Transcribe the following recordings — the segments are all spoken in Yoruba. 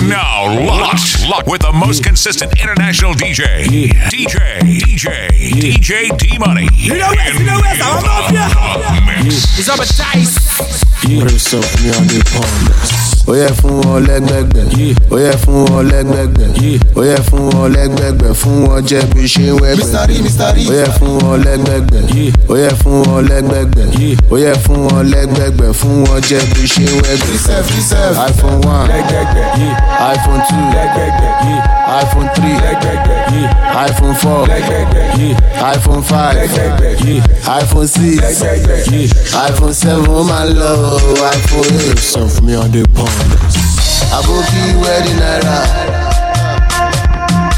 You're now locked, locked with the most consistent international DJ. Yeah. DJ, DJ, yeah. DJ D Money. You know this, you know this, I'm off ya. It's up a dice. Rinse up ní adé pond. Ó yẹ fún wọn lẹ́gbẹ̀gbẹ̀. Ó yẹ fún wọn lẹ́gbẹ̀gbẹ̀. Ó yẹ fún wọn jet machine web. jẹ bí ṣe wẹ́gbẹ̀. Ó yẹ fún wọn lẹ́gbẹ̀gbẹ̀. Ó yẹ fún wọn lẹ́gbẹ̀gbẹ̀. Ó yẹ fún wọn lẹ́gbẹ̀gbẹ̀. Fún wọn jẹ bí ṣe wẹ́gbẹ̀. iPhone one. iPhone two iPhone three iPhone four iPhone five iPhone six iPhone seven ó máa lọ iPhone eight. send me on the pond. aboki wedding naira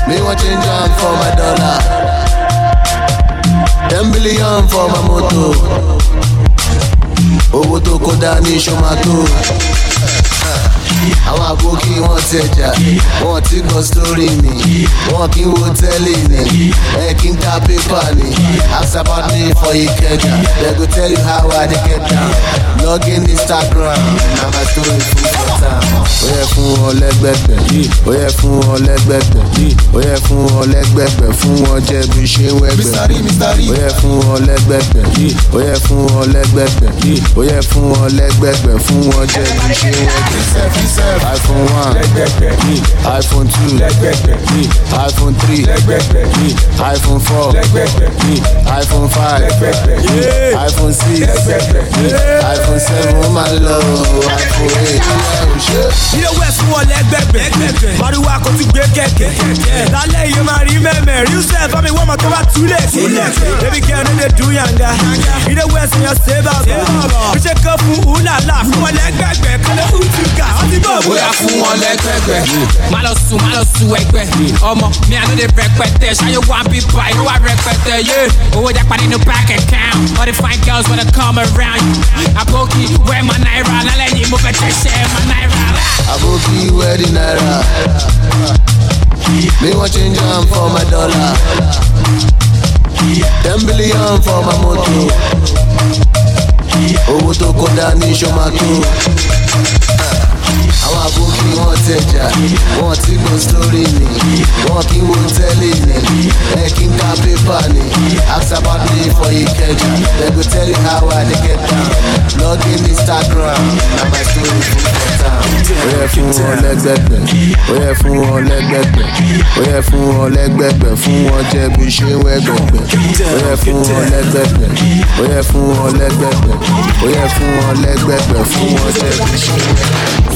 me wan change am for my dollar ten billion for my moto. Owo tó kó dání ṣó àwọn àbókí wọn tẹjà wọn ti kọ sórí mi wọn kì í wo tẹ́lẹ̀ ni ẹ kì í ta pépà ni asaba ní ìfọ̀ ìkẹjà they go tell you how i dey get down log instagram na my ó yẹ fún wọn lẹ́gbẹ̀gbẹ̀ ó yẹ fún wọn lẹ́gbẹ̀gbẹ̀ ó yẹ fún wọn lẹ́gbẹ̀gbẹ̀ fún wọn jẹ bí ṣe wẹ́gbẹ̀ ó yẹ fún wọn lẹ́gbẹ̀gbẹ̀ ó yẹ fún wọn lẹ́gbẹ̀gbẹ̀ ó yẹ fún wọn lẹ́gbẹ̀gbẹ̀ fún wọn jẹ bí ṣe wẹ́gbẹ̀ iphone one iphone two iphone three iphone four iphone five iphone six iphone seven ó máa lọ iphone eight. POS wọ lẹ́gbẹ̀gbẹ̀ Màrúwá kò ti gbé kẹ̀kẹ́ Lálẹ́ yìí máa rí mẹ́mẹ́ Ríṣẹ́ bá mi wọ́n mọ̀ tó bá too late. Baby girl ní lè dùn yànga Ilé wẹ̀sìn yẹn ṣe bá bọ̀ Ríṣẹ́ kan fún wúlàlà fún wọn lẹ́gbẹ̀gbẹ̀ Kọ́lẹ́ hùtùkà ó ti bọ̀ bóyá fún wọn lẹ́gbẹ̀gbẹ̀. Má lọ sùn má lọ sùn ẹgbẹ́ ọmọ mi àná lè rẹpẹtẹ ṣáyé wá bí bá irú wa rẹpẹtẹ yé repete jápa nínú bank account all the fine girls wanna come around you. Àbókì wẹ́ẹ̀ mọ náírà lálẹ́ yìí mo fẹ́ tẹ̀sẹ̀ mọ I will be wedding naira. Ah. Me want change on for my dollar. Ten billion for my motor. Owó tó kọjá ní ṣọ́mátó. àwọn àbókí wọn tẹjà wọn tí kò sórí ni wọn kí wọn tẹ́lẹ̀ ni ẹ kí n ká pépà ni ask about me for Ìkẹjà dem go tell you how I get down log Instagram na my story full for town. ó yẹ fún wọn lẹ́gbẹ̀gbẹ̀ ó yẹ fún wọn lẹ́gbẹ̀gbẹ̀ ó yẹ fún wọn lẹ́gbẹ̀gbẹ̀ fún wọn jẹ bí ṣe wẹ́gbẹ̀gbẹ̀ ó yẹ fún wọn lẹ́gbẹ̀gbẹ̀ ó yẹ fún wọn lẹ́gbẹ̀gbẹ̀ ó yẹ fún wọn lẹ́gbẹ̀gbẹ̀ fún wọn jẹ bí ṣe wẹ́gbẹ̀gbẹ̀.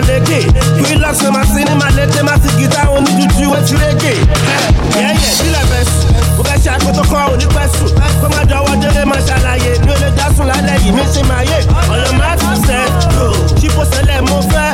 maleke Relax nan ma sene malete Ma si gita oni juju we chileke Yeah yeah, dile bẹ́sù Mo fẹ́ ṣe àpótò kan òní pẹ́sù Kó má jọ wọ́n délé máa ṣàlàyé Mi ò lè dásùn lálẹ́ yìí mi ṣe máa yé Ọ̀nà má tún sẹ́ Ṣípò sẹ́lẹ̀ fẹ́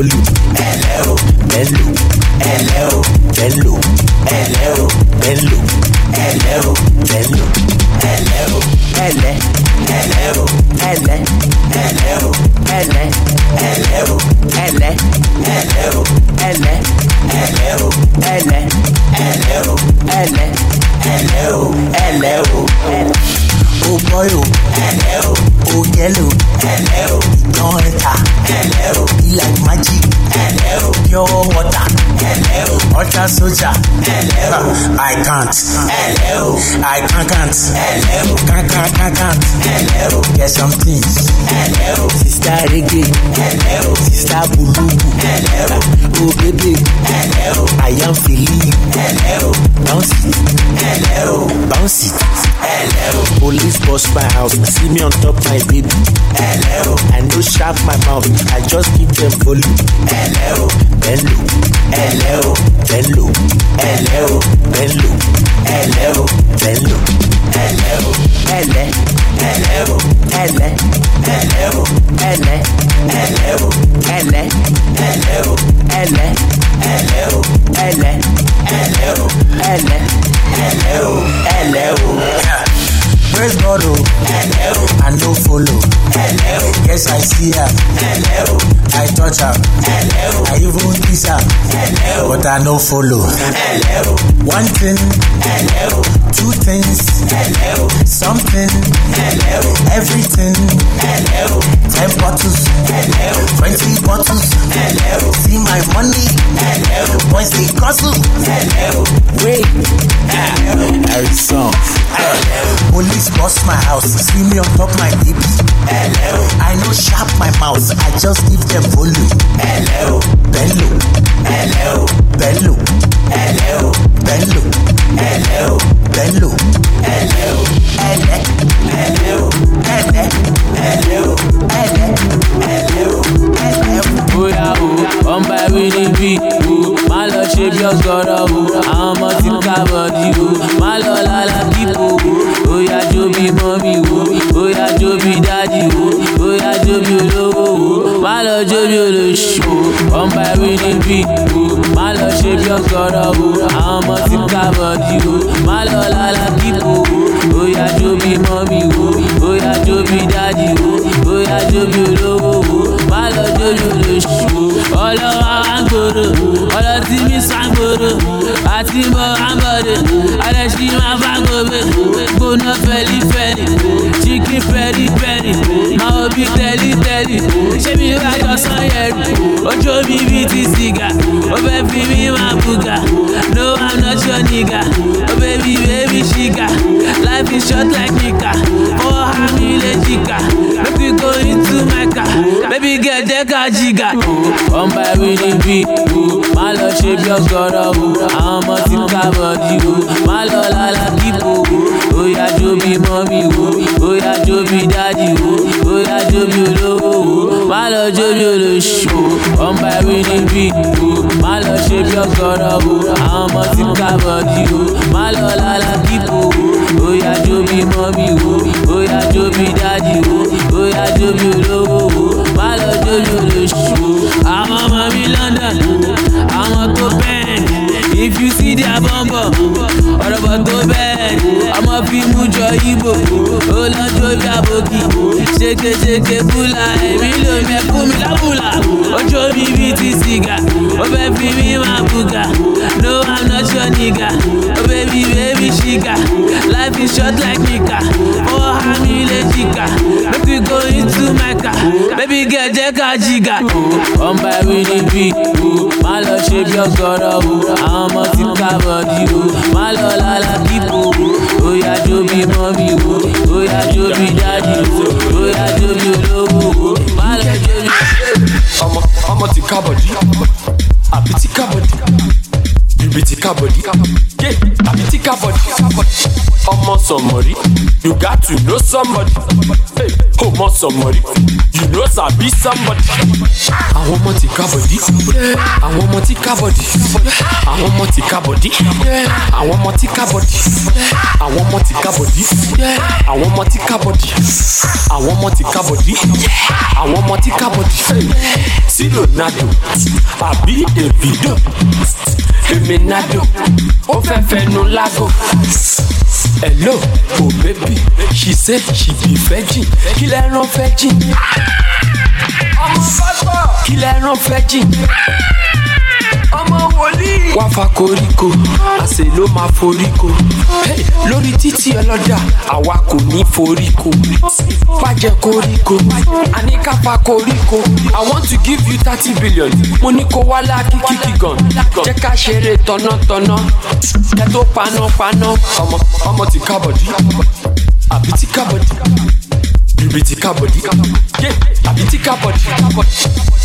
volume. pure water. Hello. Ultra soldier. Hello. I can't. Hello. I can't can't. Hello. Can't can't can't can't. Hello. Get some things. Hello. Sister reggae. Hello. Sister bulu. Hello. Oh baby. Hello. I am feeling. Hello. Bounce it. Hello. Bounce it. Hello. Police bust my house. See me on top my baby. Hello. I don't sharp my mouth. I just keep them volume. Hello. bẹ́lù ẹ̀lẹ́ o bẹ́lù ẹ̀lẹ́ o bẹ́lù ẹ̀lẹ́ o bẹ́lù ẹ̀lẹ́ o ẹ̀lẹ́ ẹ̀lẹ́ o ẹ̀lẹ́ ẹ̀lẹ́ o ẹ̀lẹ́ ẹ̀lẹ́ o ẹ̀lẹ́ ẹ̀lẹ́ o ẹ̀lẹ́ ẹ̀lẹ́ o ẹ̀lẹ́ ẹ̀lẹ́ o ẹ̀lẹ́ ẹ̀lẹ́ o ẹ̀lẹ́ o. First bottle, oh. Hello. I no follow. Hello. Yes, I see her. Hello. I touch her. Hello. I even kiss her. Hello. But I no follow. Hello. One thing. Hello. Two things. Hello. Something. Hello. Everything. Hello. Ten bottles. Hello. Twenty bottles. Hello. See my money. Hello. Once they hustle. Hello. Wait. Hello. Eric song. Hello. Police just bust my house. See me on top my baby. Hello. I know sharp my mouth. I just give them volume. Hello. Bello. Hello. Bello. Hello. Bello. Hello. Bello. Hello. Hello. Hello. Hello. Hello. Hello. Hello. bóyá o ọmọ ẹwí níbí o má lọ ṣe bí ọgọrọ o àwọn ọmọ ti ká bọdí o má lọ lálá kíkó o bóyá jó bí mọ́mí o bóyá jó bí dádì o bóyá jó bí olówó o má lọ jó bí olóṣù o ọmọ ẹwí níbí o má lọ ṣe bí ọgọrọ o àwọn ọmọ ti ká bọdí o má lọ lálá kíkó o bóyá jó bí mọ́mí o bóyá jó bí dádì o bóyá jó bí olówó o. lójúlójú ọlọ́wà wà ń gbòòrò ọlọ́tí mi sàn gbòòrò àti mọ́ àbọ̀dẹ̀ alẹ́sí máa bá gbòòbẹ̀ gbóná fẹ́lifẹ́li chicken pẹ́ripẹ́ri máa obi tẹ́lítẹ́lì ṣé mi bá jọ sán yẹ̀rù ojú omi bíi ti sìgá ó fẹ́ fi mí máa bùgà no i'm not your nigga ó oh baby baby ṣìgá life is short like nìkà ó hàn mí lè jìkà lókè go into my car baby girl. tẹ́ka jìgà o ọmọ ẹ̀rí níbí o má lọ ṣe bí ọgọrọ o àwọn ọmọ ti ká bọ̀dí o má lọ lálá kíkó o óyá jó bí mọ́mí o óyá jó bí dádì o óyá jó bí olówó o má lọ jó bí olóṣù o ọmọ ẹ̀rí níbí o má lọ ṣe bí ọgọrọ o àwọn ọmọ ti ká bọ̀dí o má lọ lálá kíkó o óyá jó bí mọ́mí o óyá jó bí dádì o óyá jó bí olówó o lóṣù àwọn ọmọ mi London àwọn tó bẹ́ẹ̀ if you see their bum bum ọ̀rọ̀bọ̀ tó bẹ́ẹ̀ ọmọ fíìmù jọ ibo ó lọ́jọ́ bí abòkì ṣekeṣeke búlà èmi ló mẹ́kún mi lábùlà ojú mi bíi ti sìgá ó fẹ́ fi mí máa bùgà no i'm not your nigga oh baby baby sugar life is short like nika oh hand me le jika make we go into my car baby girl jẹ́ ká jìgà. ọmọ ẹ̀rí ni bí má lọ ṣe bí ọgọ́rọ̀ àwọn. ọmọ ti kábọ̀dì o má lọ lálá kíkó o bóyá jó bí mọ́mí o bóyá jó bí dáàdì o bóyá jó bí olówó o má lọ jó bí. ọmọ ọmọ ti kábọ̀dì àbí ti kábọ̀dì bìbì ti kábọ̀dì. Yeah, I'm a ticker body. Omo somebody, you got to know somebody. Hey, omo somebody, you know be somebody. I want Àwọn ọmọ ti I want Àwọn ọmọ ti I want Àwọn ọmọ body. I want Àwọn ọmọ ti I want Àwọn ọmọ ti I want Àwọn ọmọ ti I want Àwọn ọmọ ti I want Àwọn ọmọ ti ká bọ̀dí. Sílò Nado àbí Davido. Èmi Nado, ó fẹ́ fẹnu lágò. hello oh baby she said she be virgin kí lẹ rán virgin. Ah! ọmọ bọ́sọ̀ kí lẹ rán virgin ọmọ wòlíì. wá fa koríko àṣẹ ló máa foríko lórí títí ọlọ́dà àwa kò ní foríko bàjẹ́ koríko àní fa koríko i want to give you thirty billion mo ní kó wá láàkì kìkì gan jẹ́ ká ṣeré tọ̀nàtọ̀nà ẹ tó panápaná ọmọ ọmọ ti kábọ̀dí àbí ti kábọ̀dí bibitika body yeah bibitika body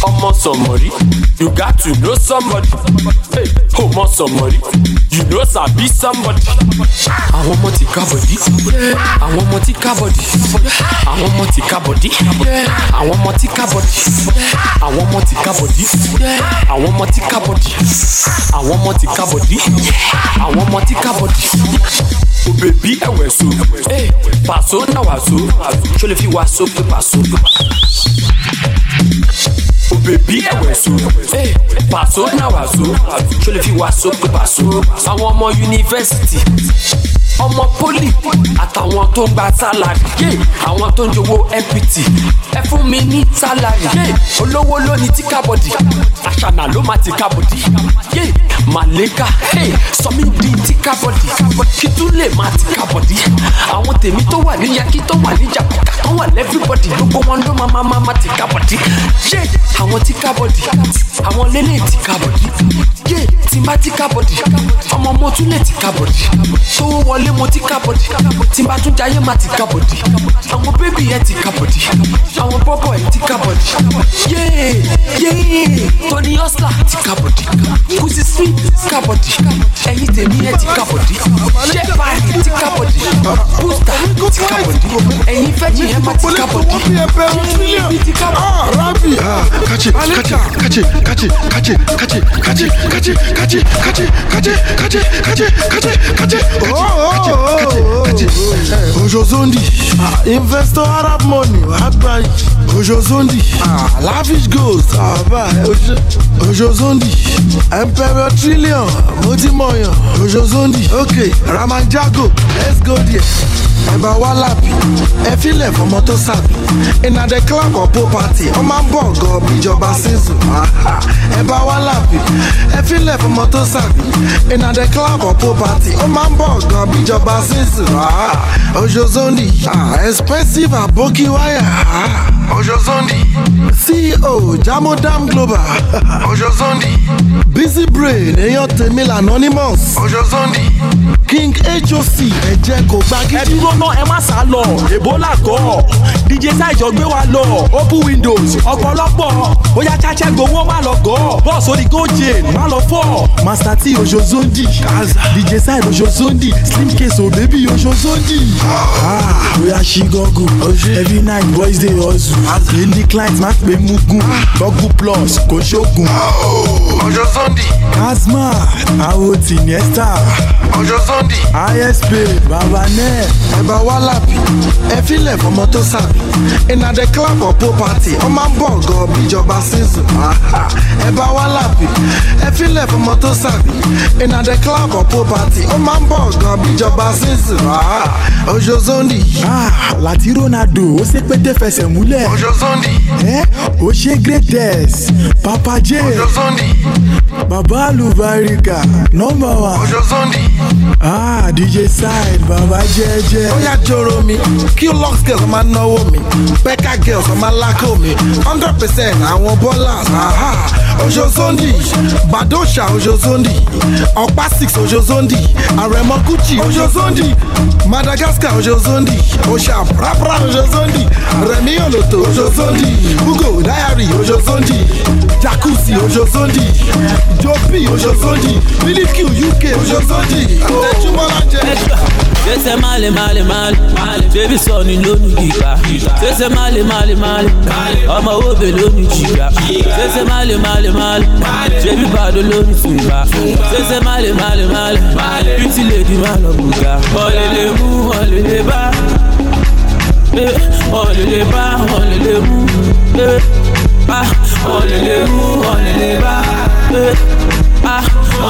ọmọ sọmọrí you got to know somebody hey ọmọ sọmọrí you know sabi somebody. àwọn ọmọ ti ká bọ̀dí àwọn ọmọ ti ká bọ̀dí àwọn ọmọ ti ká bọ̀dí àwọn ọmọ ti ká bọ̀dí àwọn ọmọ ti ká bọ̀dí àwọn ọmọ ti ká bọ̀dí àwọn ọmọ ti ká bọ̀dí àwọn ọmọ ti ká bọ̀dí. òbèbí ẹ̀wẹ̀ so pàṣọ náwà wa sopi pa sopi. Òbèbí ẹ̀wẹ̀ so, pàṣọ náà wà so, ṣó lè fi wa sopi pa so. Àwọn ọmọ yunifásitì ọmọ poli àtàwọn tó gba sálárì yé àwọn tó ń jowó npt ẹ fún mi ní sálárì yé olówó ló ní tíkà bọ̀dì àṣànà ló máa tíkà bọ̀dì yé màlẹ́kà sọmi di tíkà bọ̀dì kí tún lè máa tíkà bọ̀dì àwọn tèmi tó wà ní yakí tó wà ní jàpá kàtó while everybody ló gbọ́ wọn ló máa máa máa máa tìka bọ̀dí. ṣé àwọn tìka bọ̀dí àwọn lélẹ̀ tìka bọ̀dí yé tí n bá ti kábọ̀dì ọmọ mo tún lè ti kábọ̀dì sówó wọlé mo ti kábọ̀dì tí n bá tún jayé má ti kábọ̀dì àwọn bébì yẹn ti kábọ̀dì àwọn bọ́bọ̀ yẹn ti kábọ̀dì yé yé Tony Osla ti kábọ̀dì Kúsì Smith ti kábọ̀dì ẹ̀yin tèmi yẹn ti kábọ̀dì Shepard ti kábọ̀dì Booster ti kábọ̀dì ẹ̀yin fẹ́jì yẹn má ti kábọ̀dì yé yé ti kábọ̀dì. Ah, Rabi, catch it, catch it, catch kachi kachi kachi kachi kachi kachi kachi kachi kachi kachi Ojozundi investor Arab money wàá gbà yìí Ojozundi lavish goals àbá Ojozundi emperor trillion mo ti mọ̀yàn Ojozundi ok Ramajago let's go there ẹ̀bà wá lápì ẹ filẹ̀ fọmọ tó sàbí ìnàdẹ clark ọ̀pọ̀ party ọ máa ń bọ̀ gan ìjọba season ẹ̀bà wá lápì ẹ filẹ̀ fọmọ tó sàbí ìnàdẹ clark ọ̀pọ̀ party ọ máa ń bọ̀ gan ìjọba season ojozoni expensive aboki wire ojozoni ceo jamodam global ojozoni busy brain èèyàn tèmi lànà anonymous ojozoni king hoc ẹ̀jẹ̀ kò gbá gidi dúró náà ẹ má sá lọ Ebola kọ́ DJ Saheed gbé wa lọ open windows ọ̀pọ̀lọpọ̀ bóyá chacha gbowó má lọ gọ́ bọ́ọ̀sì orí gojin má lọ fọ́ Master T Oṣozondi DJ Saheed Oṣozondi Slim Case baby Obebi Oṣozondi. Ah, bóyá ṣí gọ́gùn every night boys dey hustle daily clients má pé mugun gọ́gùn plus kò ṣoògùn. Oṣozondi. asma àwọn tìǹyẹ́ star. Oṣozondi. isp baba ẹ bá wá lápì ẹ filẹ̀ fọmọ tó sàbí iná the club of poor party ọmọ ń bọ̀ gan bíjọba season ẹ bá wá lápì ẹ filẹ̀ fọmọ tó sàbí iná the club of poor party ọmọ ń bọ̀ gan bíjọba season ojo zondi. láti ronaldo ó ṣe pété fẹsẹ̀ múlẹ̀ ojo zondi. ẹ ó ṣe greatest papa j ojo zondi. baba alubarika number one, ojo zondi. ah dj side baba jẹjẹ bóyá joro mi qlux girls ọmọ náwó mi peka girls ọmọ lákò mi hundred percent àwọn ballers aha ojozondi badosha ojozondi ọ̀pá six ojozondi àrẹ̀mọ gucci ojozondi madagascar ojozondi oṣà prapra ojozondi rẹ̀mí olóto ojozondi google diary ojozondi jacuzzi ojozondi jopi ojozondi miliki uk ojozondi àtẹ̀júmọ́ lájẹ. Sese male male male Baby sọni lónìí gíga Sese male male male Ọmọ òbè lónìí jìgá Sese male male male Baby bàdó lónìí tùgbà Sese male male male Pretty lady má lọ gbùgà Ọ̀lẹ̀lẹ̀ mú ọ̀lẹ̀lẹ̀ bá Ọ̀lẹ̀lẹ̀ bá ọ̀lẹ̀lẹ̀ mú Ọ̀lẹ̀lẹ̀ mú ọ̀lẹ̀lẹ̀ bá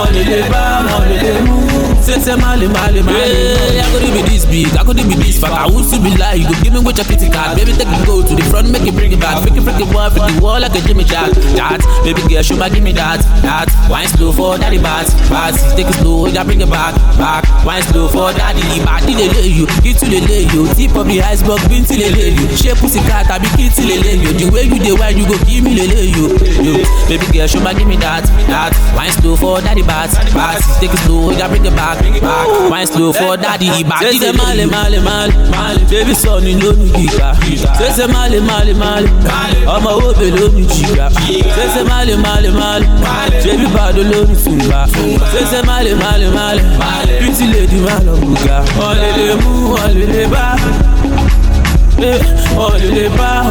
Ọ̀lẹ̀lẹ̀ bá ọ̀lẹ̀lẹ̀ mú. Say, say, Mali, Mali, Mali. Hey, I could be this big, I could be this fat. I would still be like, you could give me what your kitty cat. Baby, take me go to the front, make it bring it back. Make it, break it, one, the wall like a Jimmy Jack. That, baby, girl, show give me that, that. Wine slow for daddy, bat, bat. Take it slow, yeah, bring it back, back. Wine slow for daddy, body, they lay you. Get to the lay you. Tip of the iceberg, bean till they lay you. Shape pussy cat, I be kid till they lay you. The way you dey wine, you go give me the lay you. Yo, baby, girl, show give me that, that. Wine slow for daddy, bat, bat. Take it slow, yeah, bring it back back, bring it back. Wine slow for daddy, he back. Say say male, male, male, male. Baby son, you know me giga. Say say male, male, male. Ọmọ wo be lo mi jiga. Say say male, male, male. Baby bad lo mi fumba. Say say male, male, male. Pretty lady ma lọ buga. Ọ̀lẹ̀lẹ̀ mú ọ̀lẹ̀lẹ̀ bá. Eh, ọ̀lẹ̀lẹ̀ bá.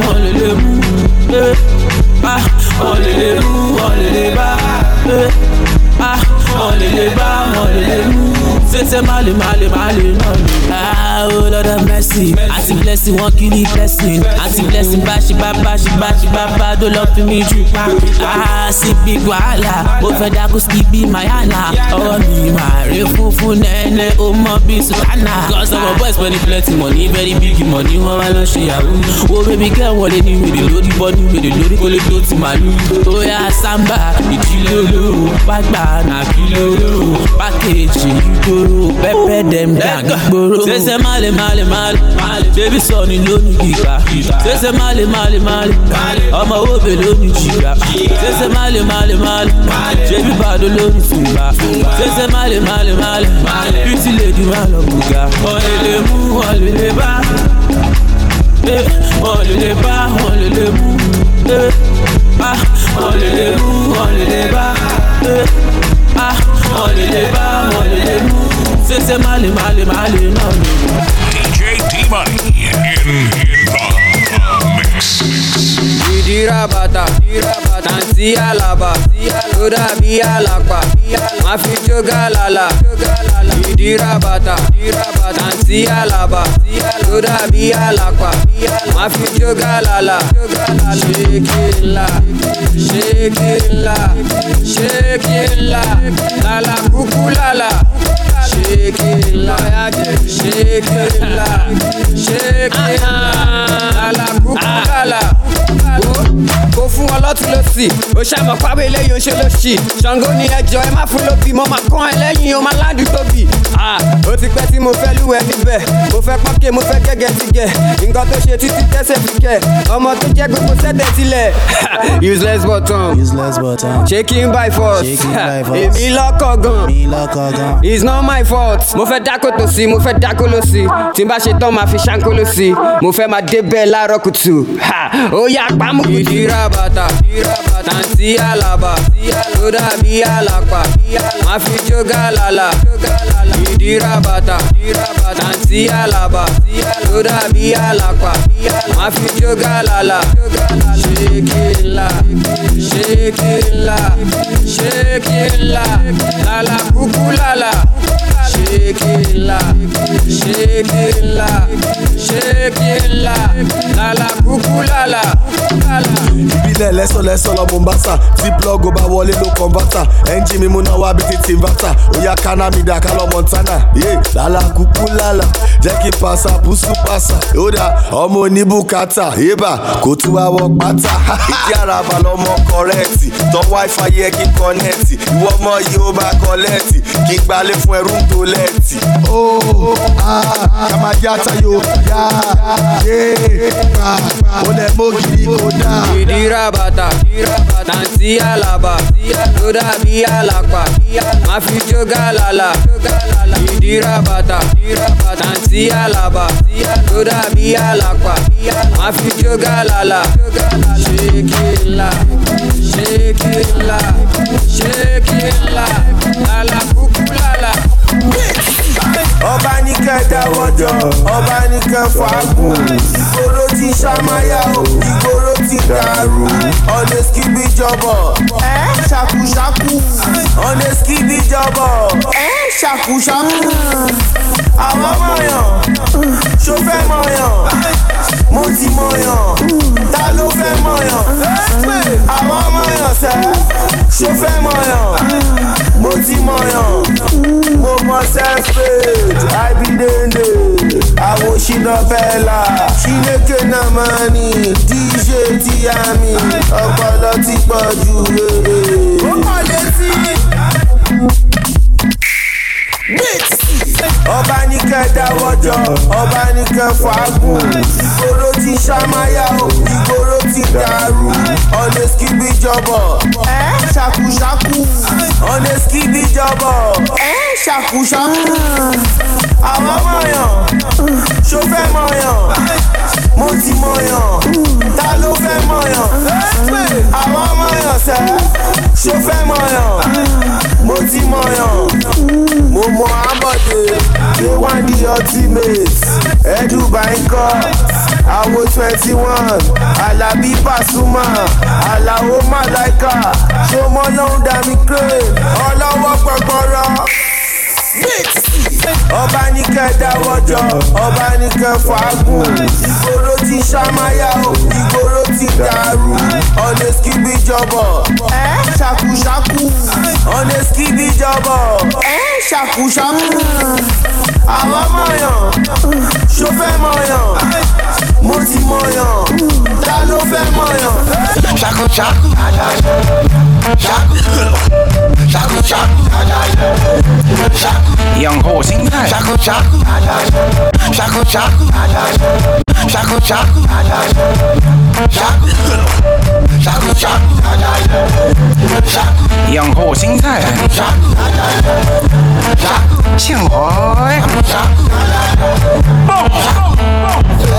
say Mali, Mali, Mali, Mali. Ah, oh Lord have mercy. mercy. I blessing one kill the ní blessing àti blessing bá ṣe bá bá ṣe bá ṣe bá bá dó lọ fi mí jù pa àásì ah, big wàhálà ó fẹ́ dákú sí bí mayana ọwọ́ mi máa rí funfun nẹ́ẹ̀nẹ́ ó mọ bí sultana. because some of boys spend plenty money very big money wọ́n wá lọ ṣe yahoo wo bébí kẹ́ wọlé ní wèrè lórí bọ́dún wèrè lórí kólé tó ti màlú ó yà samba ìdílé olóró pàgbà nàbílé olóró pákéjì ìgboro pẹ́pẹ́ dẹ̀m dàgbòrò. sẹ́sẹ́ máa lè máa lè máa lè baby sọ ni lónìí kíkà ṣẹṣẹ máàlì máàlì máàlì ọmọ ṣẹṣẹ máàlì máàlì máàlì ṣẹbi bàdó ṣẹṣẹ máàlì máàlì máàlì lè di máa lọ gbùgà. lè mú lè bá lè bá lè mú lè mú lè bá lè bá lè mú ṣẹṣẹ máàlì máàlì máàlì náà lè mú. DJ D-Money dirabata, tansi alaba, toda bi alapa, ma fi joga lala. Dirabata, tansi alaba, toda bi alapa, ma fi joga lala. Shekila, shekila, shekila, lala kuku lala shake it like, shake it like, shake it like, ala kukala. kò fún wọn lọ́tún lọ́sì ó ṣàmọ̀ pàwé lẹ́yìn oṣù lọ́sì ṣàngó ni ẹjọ́ ẹ má fún lóbi mo máa kán ẹ lẹ́yìn o máa ládùú tóbi. ó ti pẹ́ tí mo fẹ́ lúwẹ̀ níbẹ̀ mo fẹ́ pákẹ́ mo fẹ́ gẹ́gẹ́ ti gẹ̀ nǹkan tó ṣe títí tẹ́sẹ̀ fi kẹ̀ ọmọ tó jẹ́ gbogbo sẹ́tẹ̀ sílẹ̀. useless button shaking by force èmi lọ́kọ̀ gan it's not my fault. mo fẹ́ dákó tòsí mo fẹ́ dákó lọ́sì tí n bá ṣe tán máa fi ṣáńkó lọ́sì mo fẹ́ máa dé bẹ́ẹ̀ láàárọ̀ kùtù ó yá àpamọ́. ìdíra bàtà tàǹtí àlàbà tó dàbí àlàpà máa fi jóga làlà. ìdíra bàtà tàǹtí àlàbà tó dàbí àlàpà máa fi jóga làlà. ṣéèkì ńlá ṣéèkì ńlá ṣéèkì ńlá làlà kúkú làlà. shake it la, shake it la, shake la, la la la la. Ìbílẹ̀ lẹ́sọ̀lẹ́sọ̀ lọ Mombasa, tí plọ́gù bá wọlé ló kọ̀nvátà, ẹ́ńjì mímú náà wá bí ti tìǹvátà, óyá Kánámídà ká Montana, yé lala kúkú lálá, jẹ́ kí pàṣà búṣú pàṣà, ó dà ọmọ oníbùkátà, yébà kò tún wá wọ pátá, ìdí àràbà lọmọ kọrẹ́ẹ̀tì, tọ́ wáífà yẹ kí kọ́nẹ́ẹ̀tì, ìwọ́mọ yóò bá kọ́lẹ́ẹ̀tì, kí gbalẹ̀ fún ẹrú ń dolẹ̀ sẹ́ẹ̀tì ó ká máa jẹ́ àtàyò yá yé gbà ó lẹ̀ mọ́gìrì kó dà. ìdíra bàtà nàǹtí àlàbà tó dàbí àlàpà máa fi jógà lálà ìdíra bàtà nàǹtí àlàbà tó dàbí àlàpà máa fi jógà lálà ṣé kí n la ṣé kí n la ṣé kí n la. nìkan dáwọ́jọ ọba nìkan fàágùn ìgboro ti ṣàmáyà o ìgboro ti dàrú ọ̀nẹ́sìkì bí jọbọ̀ ṣàkúṣàkú ọ̀nẹ́sìkì bí jọbọ̀ ṣàkúṣàkú àwọn mọ̀yàn ṣó fẹ́ mọ̀yàn mo ti mọ̀yàn ta ló fẹ́ mọ̀yàn àwọn mọ̀yàn sẹ́ ṣó fẹ́ mọ̀yàn. propeller Chineke na money DJ Tiami ọpọlọ ti pọ̀ jù rere. ó kọ́ létí. ọba ní kẹ́ dáwọ́jọ ọba ní kẹ́ fagùn ìgboro ti ṣàmáyà o ìgboro ti dàrú ọ̀nẹ́sìkì bíjọbọ̀ ṣàkúṣàkú ọ̀nẹ́sìkì bíjọbọ̀ ṣàkúṣà. Ah. àmọ́ mọ̀yàn ṣó fẹ́ mọ̀yàn mo ti mọ̀yàn ta ló fẹ́ mọ̀yàn àmọ́ mọ̀yàn sẹ́ ṣó fẹ́ mọ̀yàn mo ti mọ̀yàn mo mọ abọ́dé they want the ultimate edubai cut awo twenty one alabi pasuma alao malaika ṣomọ ló ń dá mi crane ọlọ́wọ́ gbọgbọrọ ọba ní kẹ dáwọ́jọ ọba ní kẹ fagùn ìgboro ti ṣàmáyà o ìgboro ti dàrú ọ̀nẹ́sìkì bí jọbọ̀ ṣàkúṣàkú ọ̀nẹ́sìkì bí jọbọ̀ ṣàkúṣàkú àwọn mọ̀yàn ṣó fẹ́ mọ̀yàn mo ti mọ̀yàn ta ló fẹ́ mọ̀yàn. ṣàkúṣàkú ṣàkú. Young Ho sing that. Shaku shaku, shaku shaku, shaku shaku, shaku shaku, shaku shaku. Young Ho sing that. Shaku shaku, shaku shaku, shaku shaku. 我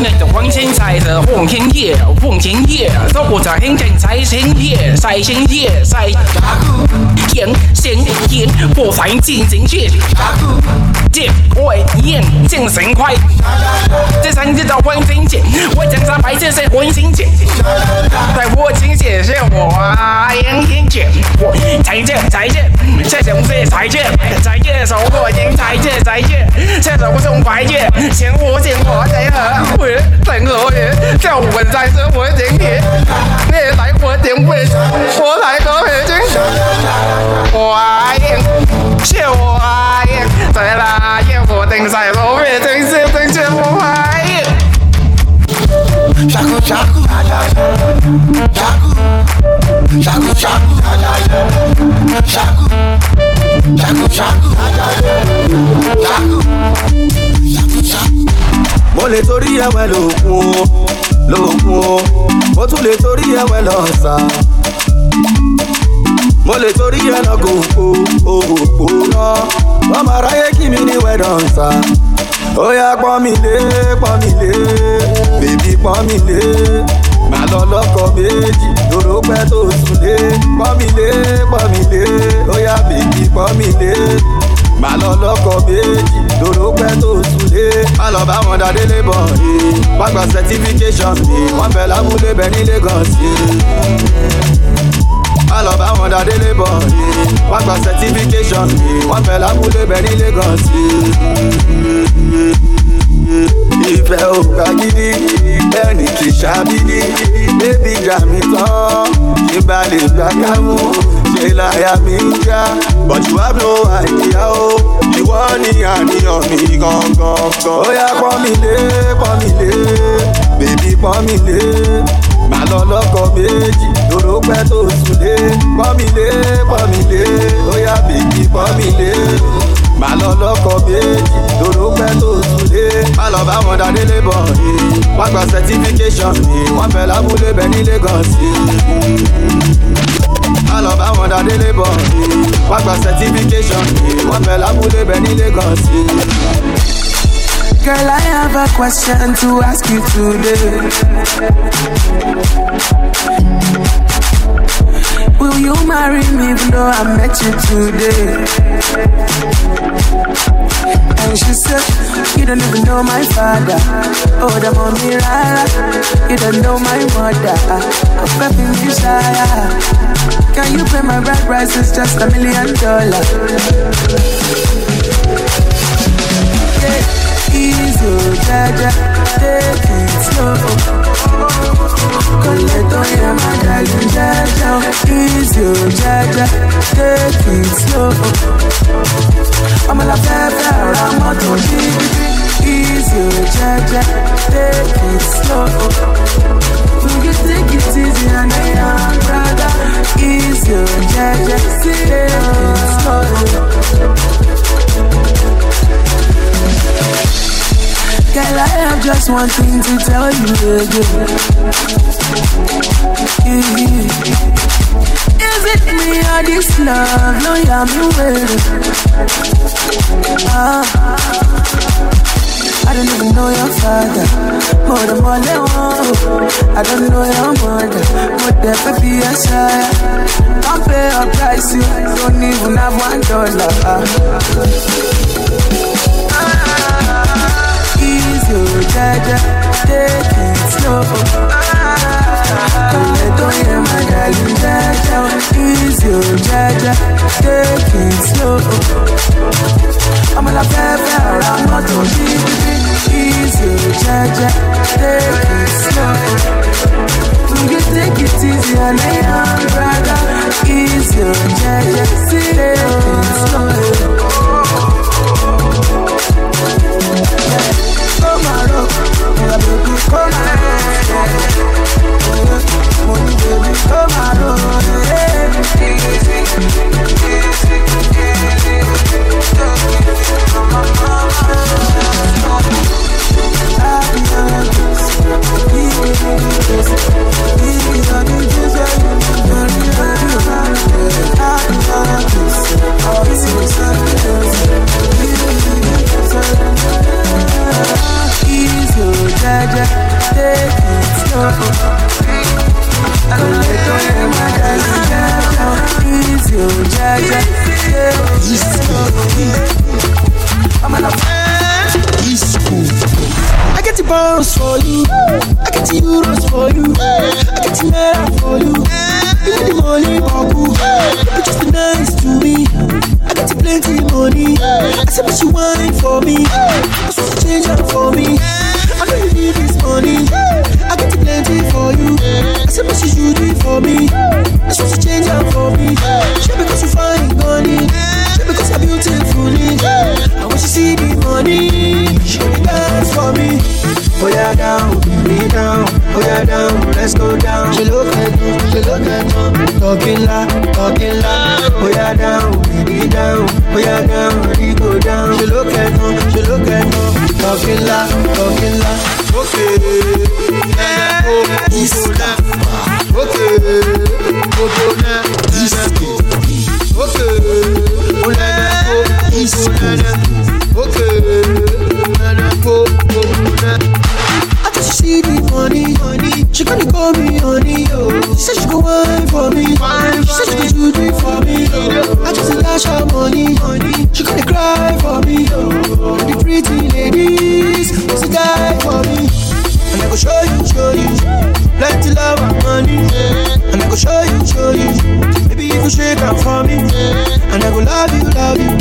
拿着黄金菜，是黄金叶，黄金叶，走过山前摘金叶，摘金叶，摘下谷。捡，捡，捡，我采金去。捡，捡，捡，捡行快。这三这的黄金线，我讲啥白线是黄金线，在我金线线，我黄金线，我再见再见，再见再见，再见走过金再见再见，再走我送再见，捡我我。quá cháy hả huế tại người trèo quần dài giữa huế tiếng tiếng huế huế tại có huế chứ hoài chiều hoài tại là yêu của tình giải số về tình duyên tình duyên vô hoài Shaku shaku shaku shaku shaku shaku shaku shaku shaku shaku mo lè torí ẹwẹ lókun o lókun o mo tún lè torí ẹwẹ lọ́sà mo lè torí ẹ lọ́gùn o òpó náà wọ́n máa ráyé kí mi ní wẹ́dọ̀nsà ó yá pọ́n mi lé pọ́n mi lé bèbí pọ́n mi lé màá lọ lọ́kọ̀ méjì lóró pẹ́ tó sùn lé pọ́n mi lé pọ́n mi lé ó yá bèbí pọ́n mi lé má lọ lọ́kọ̀ méjì lóró pẹ́ tó súlé má lọ bá wọn dáadé lébọ̀ ni wọ́n gba certification mi wọ́n fẹ́ lábúlé bẹ ní Lagos má lọ bá wọn dáadé lébọ̀ ni wọ́n gba certification mi wọ́n fẹ́ lábúlé bẹ ní Lagos ìfẹ́ ò gbà gidi ẹnì kì í ṣàbídí bébí ìjà mi tán ṣe bá lè gbà kámú ṣe láyà mi ń já but you have no idea o ìwọ ni àníyàn mi gangan. ó yá pọ́n mi lé pọ́n mi lé bèbí pọ́n mi lé má lọ lọ́kọ̀ méjì lóró pẹ́ tó sùn lé pọ́n mi lé pọ́n mi lé ó yá bèbí pọ́n mi lé. má lọ lọ́kọ̀ méjì tòró pẹ́ tó sùdé má lọ bá wọn dáadé lébọ̀ ni wọ́n gba certification ni wọ́n fẹ́ lábúlé bẹ́ẹ̀ ní Lagos má lọ bá wọn dáadé lébọ̀ ni wọ́n gba certification ni wọ́n fẹ́ lábúlé bẹ́ẹ̀ ní Lagos. Girl, I have a question to ask you today. Will you marry me even though I met you today? And she said, You don't even know my father. Oh, the mommy, You don't know my mother. I'm prepping desire. Can you pay my rent price? It's just a million dollars. Yeah, easy, oh, Take it slow. Connect on ya, my darling, jaja Ease you, jaja Take it slow I'm Ọmọ la fẹ́ fẹ́ ra mọ́tò dídí Ease you, jaja Take it slow Do you take it easy and I am brother Ease you, jaja Take it slow Girl, I have just one thing to tell you again. Is it me or this love? No, you have me waiting. Ah. I don't even know your father. More than they want. I don't know your mother. But there could be a sire. Can't pay a price, you don't even have one dollar. Jaja, take it slow. Come let on hear my darling Jaja, easy oh Jaja, take it slow. I'm gonna pepper around my toe, easy oh Jaja, take it slow. You take it easy, I lay on brother. for me, oh. The pretty ladies, so die for me. And I go show you, show you, plenty love and money. And I go show you, show you, maybe you can shake up for me. And I go love you, love you.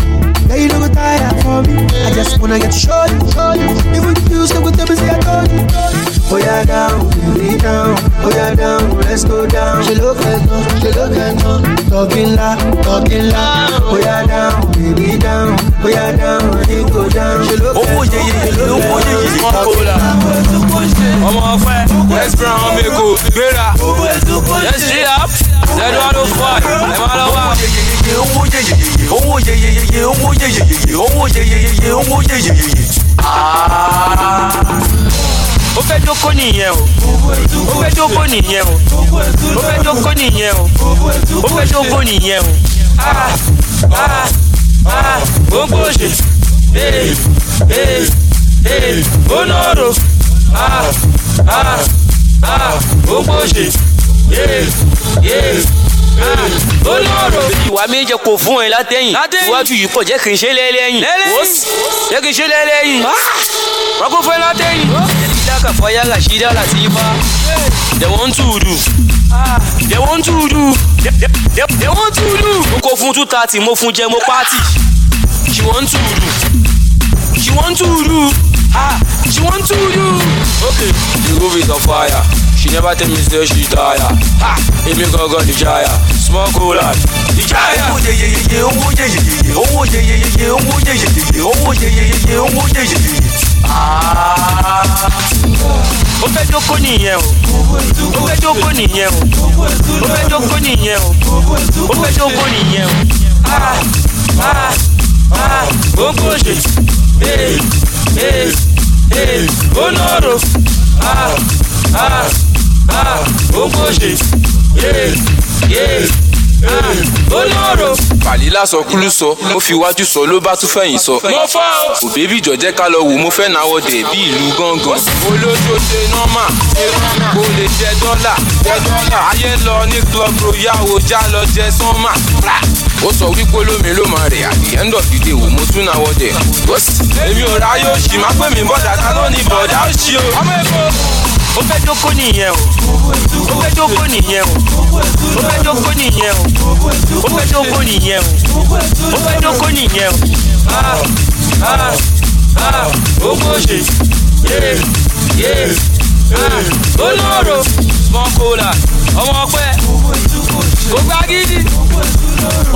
yeah, you don't go tired for me. I just wanna get to show you, show you. Even the views can go tell me, say I told you oh yeah down, we down, oh yeah down, let's go down. She look at no, she look at no, talking loud, talking loud. oh yeah down, we down, oh yeah down, we go down. She look at no, she look at no, I'm on fire, let's brown, me go, better, let's get up. Said what the fuck, I'm out of whack. Oh yeah yeah yeah, oh yeah yeah yeah, oh yeah yeah yeah, oh yeah yeah yeah, oh yeah yeah yeah. Ah. ó fẹ́ jókòó nìyẹn o ó fẹ́ jókòó nìyẹn o ó fẹ́ jókòó nìyẹn o ó fẹ́ jókòó nìyẹn o ah ah ah gbogbo ṣe ee ee ee olóró ah ah ah gbogbo ṣe ee ee olóró. ìwà mi jẹ kó fún ẹ látẹ̀yìn iwájú yìí pọ̀ jẹ́ kì í ṣe lẹ́lẹ́yìn wọ́n jẹ́ kì í ṣe lẹ́lẹ́yìn ah. rọ́kùnfẹ́ látẹ̀yìn. Oh aka faya ga shi da latifa da wọn tudu da wọn tudu da wọn tudu mo kò fún two thirty mo fun jẹ mo party she wan tudu she wan tudu ah she wan tudu. okay the roof is on fire she never tell me say she tire ha èmi gangan the jaya small cool and the jaya. owó yeyeyeye owó yeyeyeye owó yeyeyeye owó yeyeyeye owó yeyeyeye owó yeyeyeye owó yeyeyeye. Ah. O fẹ́ jókòó nìyẹn o ó o jókòó nìyẹn o ó o jókòó nìyẹn o ó fẹ́ jókòó nìyẹn o. ó gbòòṣè ee ee o ó lọ́rọ̀ ó gbòòṣè o ee ó lọ́rọ̀. kàlílà sọ kúlú sọ ó fi wájú sọ ló bá tún fẹ̀yìn sọ. mo fọ́ o. òbébí ká lọ wò mo fẹ́ náwó dẹ̀ bí ìlú gángan. olójó ṣe nọ́mà kó lè jẹ dọ́là jẹ dọ́là ayé lọ ní club royal já lọ jẹ sánmà ó sọ wípé olómi ló máa rẹ̀ at the end wò mo tún náwó dẹ̀. èmi ò ráyè òṣì má pè mí bọ́dà ta ló ní bọ́dà òṣì o ó fẹ́ jókòó nìyẹn o ó fẹ́ jókòó nìyẹn o ó fẹ́ jókòó nìyẹn o ó fẹ́ jókòó nìyẹn o ó fẹ́ jókòó nìyẹn o. ogun ṣe yé yé olóró mọ̀kòlà ọmọ ọpẹ́ gbogbo agídí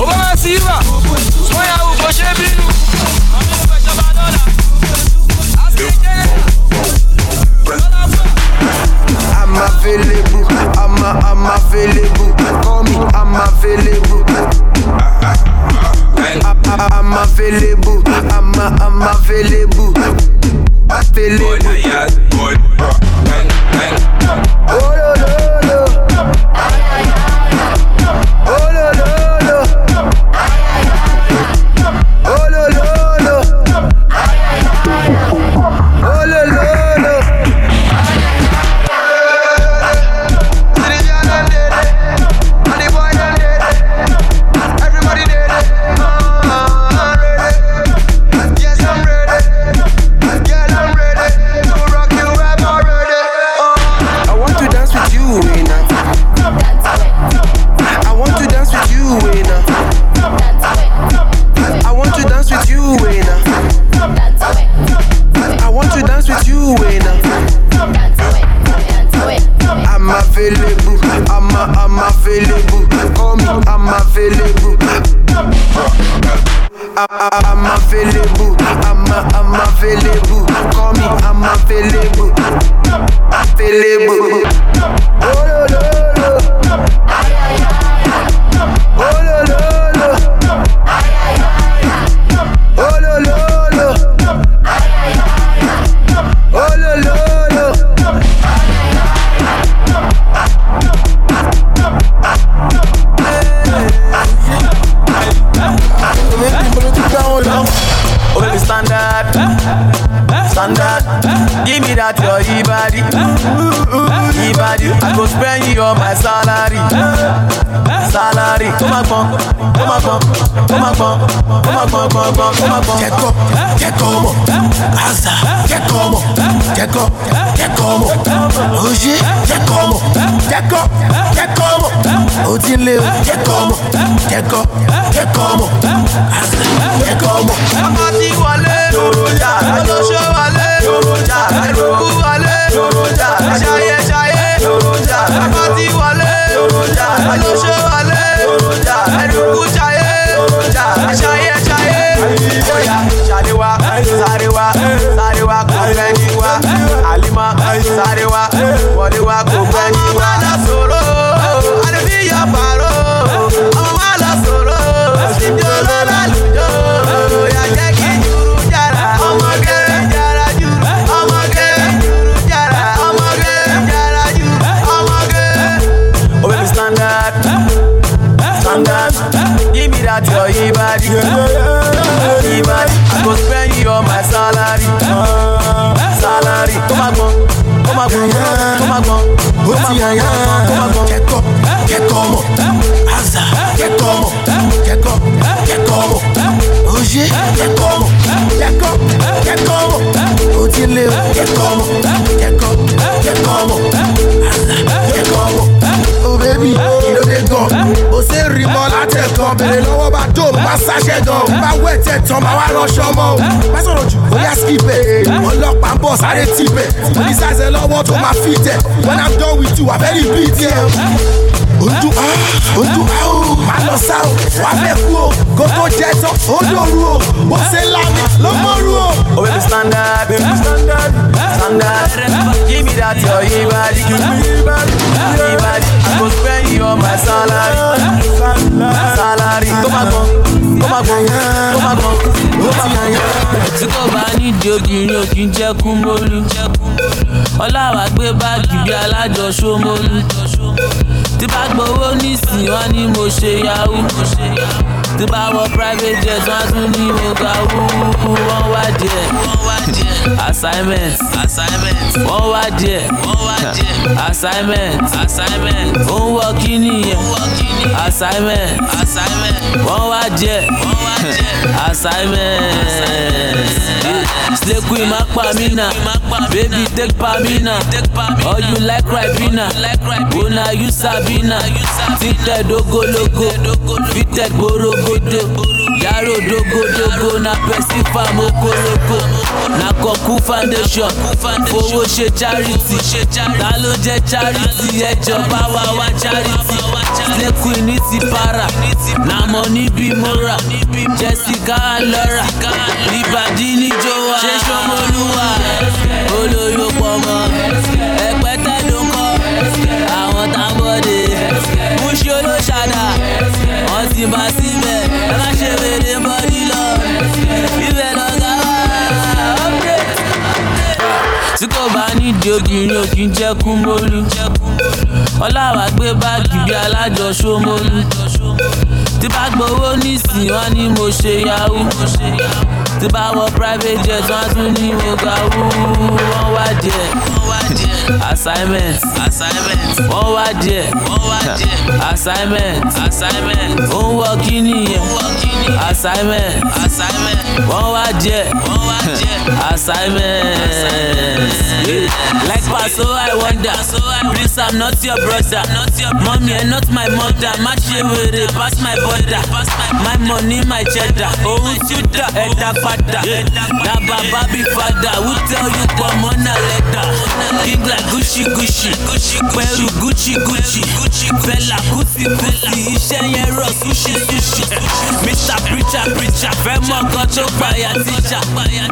obama silva wọ́n yà wò kò ṣe bínú ọmọ ìjọba dọ́là àti ìjẹ́lẹ̀ I'm available. I'm a, I'm available. Call me. I'm available. I'm, available. I'm a, I'm available. Available. Oh no no no. available. Call me, I'm um, available. I, I, I'm available. I'm, i I'm available. Call me, I'm available. Available. Oh, no, no. from my salary. Salary. Ó máa pọn, ó máa pọn, ó máa pọn, ó máa pọn pọn pọn, ó máa pọn. Jẹ́kọ̀ jẹ́kọ̀ ọmọ, àṣà jẹ́kọ̀ ọmọ, jẹ́kọ̀ jẹ́kọ̀ ọmọ, òṣì jẹ́kọ̀ ọmọ, jẹ́kọ̀ jẹ́kọ̀ ọmọ, ó ti lé o jẹ́kọ̀ ọmọ, jẹ́kọ̀ jẹ́kọ̀ ọmọ, àṣà jẹ́kọ̀ ọmọ. Ọmọ ti wọlé, yòrò jà, olóṣèwọlé, yòrò jà, ẹ̀rọ kú wọlé, yòrò jà, ṣayẹ. I know she ṣe kẹ́kọ̀ọ́ mọ̀ kẹ́kọ̀ọ́ kẹ́kọ̀ọ́ mọ̀ ó ti lé o kẹ́kọ̀ọ́ mọ̀ kẹ́kọ̀ọ́ kẹ́kọ̀ọ́ mọ̀ kẹ́kọ̀ọ́ mọ̀ oh, ó bẹ́bí ìlódé gan ó ṣe rí mọ́ látẹ̀kọ́ bèrè lọ́wọ́ bá dó bá ṣáṣẹ́ gan bá wẹ̀ tẹ̀ tán bá wá rọṣọ mọ́ o bá sọ̀rọ̀ jù bóyá skipẹ̀ ọlọ́pàá ń bọ̀ sáré tibẹ̀ polisi àṣẹ lọ́wọ́ tó máa fi tẹ̀ when i'm done with you i very beat you ojú ojú àwọn o wà mẹ́kú o kókó jẹ tán ó dòru o bó ṣe ń ló mọ́rú o. o bẹ bí standard bẹ bí standard standard give me that your ibadi ibadi ibadi i go spend you all my salary salary tó máa gbọ́n tó máa gbọ́n tó máa gbọ́n tó máa gbọ́n. tí kò bá nídìí obìnrin òkì jẹ́ kúmọ́lú ọlọ́wà gbé báàgì bí alájọṣọ́mọ́lú. tí bá gbowó nísìn wọn ni mo ṣe yahoo tí bá wọ private jet wọn tún ní mo ga wúwú wọn wá díẹ̀ assignment. mọ́wá díẹ̀ assignment ó ń wọ kí nìyẹn assignment assignment. mọ́wá díẹ̀ assignment. Slay queen ma pa mi na, baby take pa mi na, or you like Ribena, una you Sabina, fitted ogologo, fitted borogodo yaro dogodogo na pesi farm okoroko na kọkú foundation fowó ṣe charity ta ló jẹ́ charity ẹjọ́ bá wa charity lẹ́kùn ní ti para làmọ́ níbi mora jessica lọ́ra ìbàdí níjó joa. ṣe ṣọmọlúwa olórí ó pọ̀ mọ́ ẹ̀pẹ́tẹ́ ló kọ́ àwọn táwọn bọ́dé mú ṣe wọ́n ti bá sí. ò bá nídìí obìnrin ò kì í jẹ́ kúmólú ọláwà gbé báàgì bí alájọ ṣómólú tí bá gbowó nísìnyí wọn ni mo ṣe yahoo tí bá wọ private jet wọn tún ní mo gbà wú wọn wá díẹ̀. assignment assignment wọ́n wá díẹ̀ wọ́n wá díẹ̀ assignment assignment ó ń wọ kí nìyẹn assignment assignment wọ́n wá díẹ̀ wọ́n wá díẹ̀ assignment. like so i wonder so i please i'm not your brother not your mommy and not my mother má ṣe wèrè pass my border pass my, my money my cheddar òun tí ó dà ẹ̀dá padà na bàbá bí father. who tell you pọ̀ mọ́nà lẹ́dà england. Fẹ́ Gucci Gucci pẹ̀lú Gucci Gucci Fẹ́lá Kuti Kuti iṣẹ́ yẹn rọ̀ sushi sushi. Mr Preacher Preacher fẹ́ mọ̀ kan tó payà tíjà.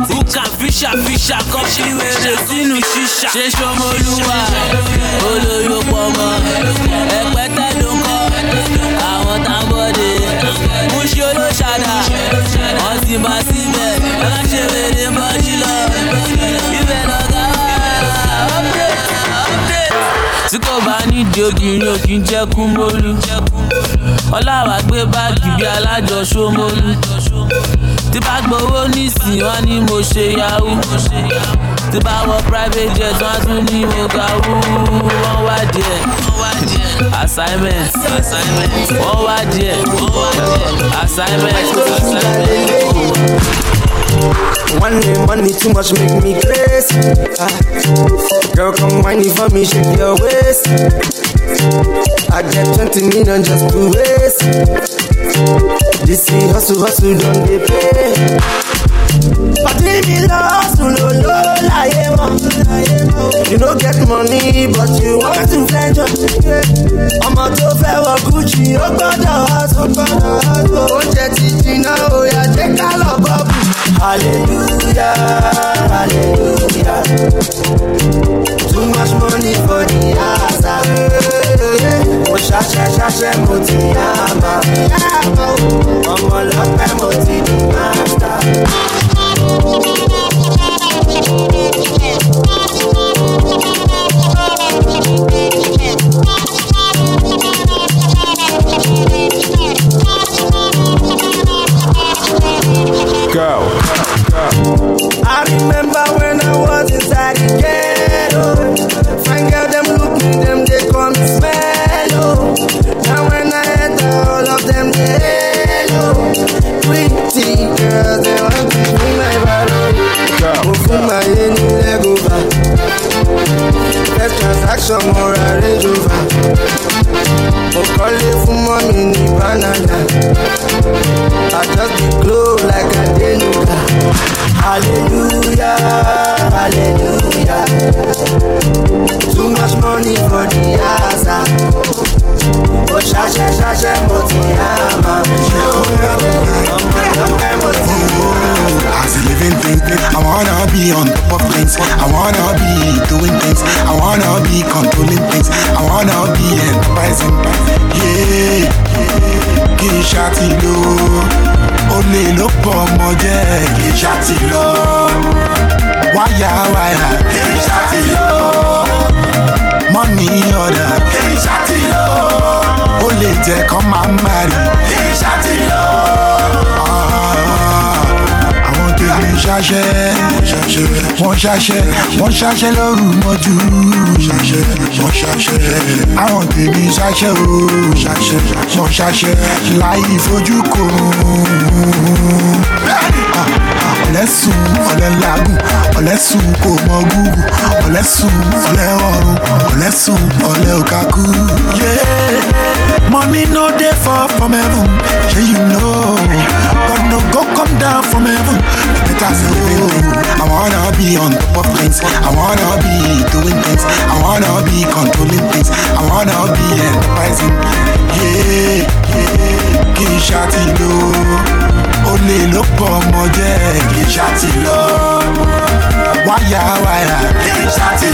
Bùkà fíṣà fíṣà kan sí wèrè sínú ṣíṣà. Ṣé Ṣomolúwa olóyún pọ̀mọ́ ẹ̀pẹ́ tẹ́lẹ̀ kọ́ àwọn tábọ̀dé. Mú ṣe olóṣàdá, wọ́n ti bá síbẹ̀, wọ́n ṣe bọ́jú. nídìí obìnrin òkì ń jẹ́ kúmólú ọláwà gbé báàgì bíi alájọ ṣómólú tí bá gbowó nísìn wọn ni mo ṣe yahoo tí bá wọ private jet wọn tún ní mo ga wúwú wọn wá díẹ̀ assignment wọn wá díẹ̀ assignment assignment. One day money too much make me crazy. Ah. Girl, come whine for me, shake your waist. I get 20 million just to waste. This is hustle, hustle, don't they pay? Party me la hustle, no, no, la eh, You don't get money, but you want to venture. I'm a dope, I Gucci, oh God, ṣaṣẹ wọ́n ṣaṣẹ wọ́n ṣaṣẹ lóru mọ́jú wọ́n ṣaṣẹ àwọn tèmi ṣaṣẹ o wọ́n ṣaṣẹ láì fojú kò ọ̀lẹ́sùn ọ̀lẹ́lágùn ọ̀lẹ́sùn kò mọ gúgù ọ̀lẹ́sùn ọ̀lẹ́ ọ̀run ọ̀lẹ́sùn ọ̀lẹ́ òkàkú. Yeah. Money no day far from heaven, yeah you know. God no go come down from heaven. Better say, oh, I wanna be on top of things. I wanna be doing things. I wanna be controlling things. I wanna be enterprising. Yeah, yeah, kì í ṣàtìlò. Olè ló pọ̀ ọmọ jẹ́ kì í ṣàtìlò. Wáyà wáyà kì í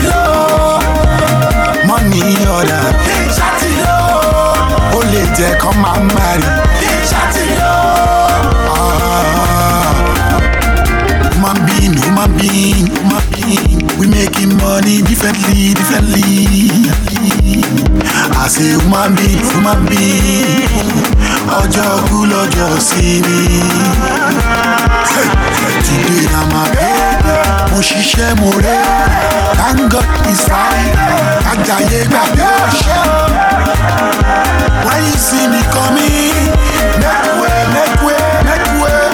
Money order kì í ṣàtìlò lè jẹ́ kọ́ máa má rí. Ah. Human being, human being, human being, we making money differently, differently. I say human being, human being, ọjọ́ kú lọ́jọ́ sí mi. Today na my day òṣìṣẹ́ mo rẹ̀ thank God is fine ọ̀ṣẹ́. when you see me coming make way make way make way.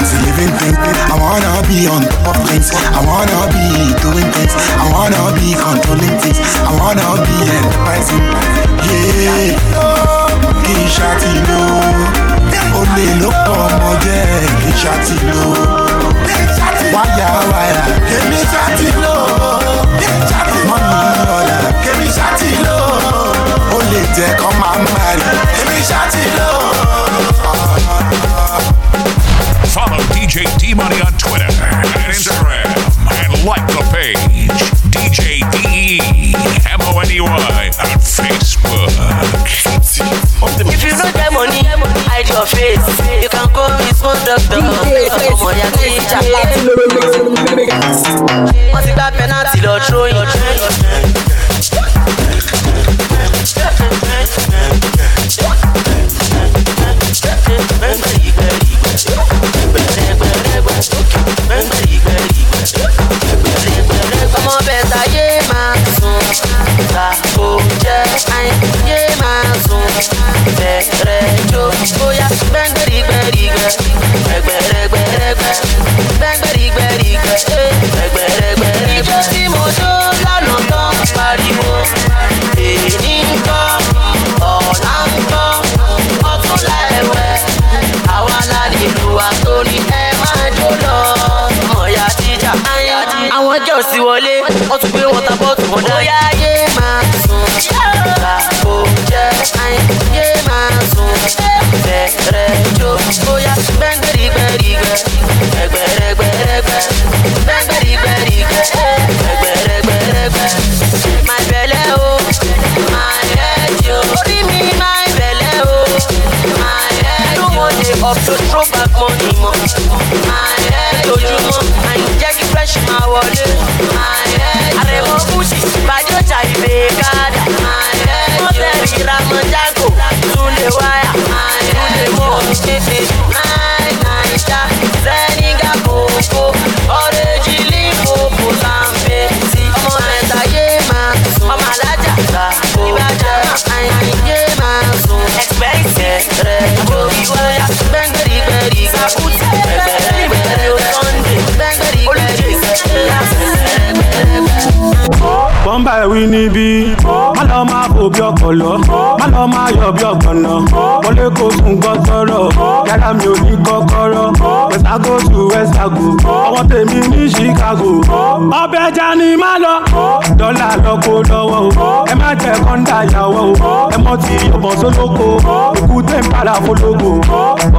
As a living thing, I wanna be on top of things. I wanna be doing things. I wanna be controlling things. I wanna be enterprising. Yeah, kì í ṣàtìlú olè ló pọ̀ ọmọ jẹ́ ti lò wáyà wáyà sá ti lò ọ̀la sá ti lò kọ́ máa sá ti lò. Follow DJ D Money on Twitter and Instagram and like the page DJ D E M O N E Y on Facebook see If you no get money, hide your face. You can call me small doctor. Tell I'm lick up oh, Chicago. Ọwọ́ tèmi ní Chicago. Ọbẹ̀ ẹja ni má lọ. Dọ́là lọ́kọ́ lọ́wọ́ o. Ẹ má jẹ́ kọ́ńdà yàwọ́ o. Ẹ mọ̀ ti yọ̀bọ̀ sólóko. Òkú tẹ̀ ń padà fólógo.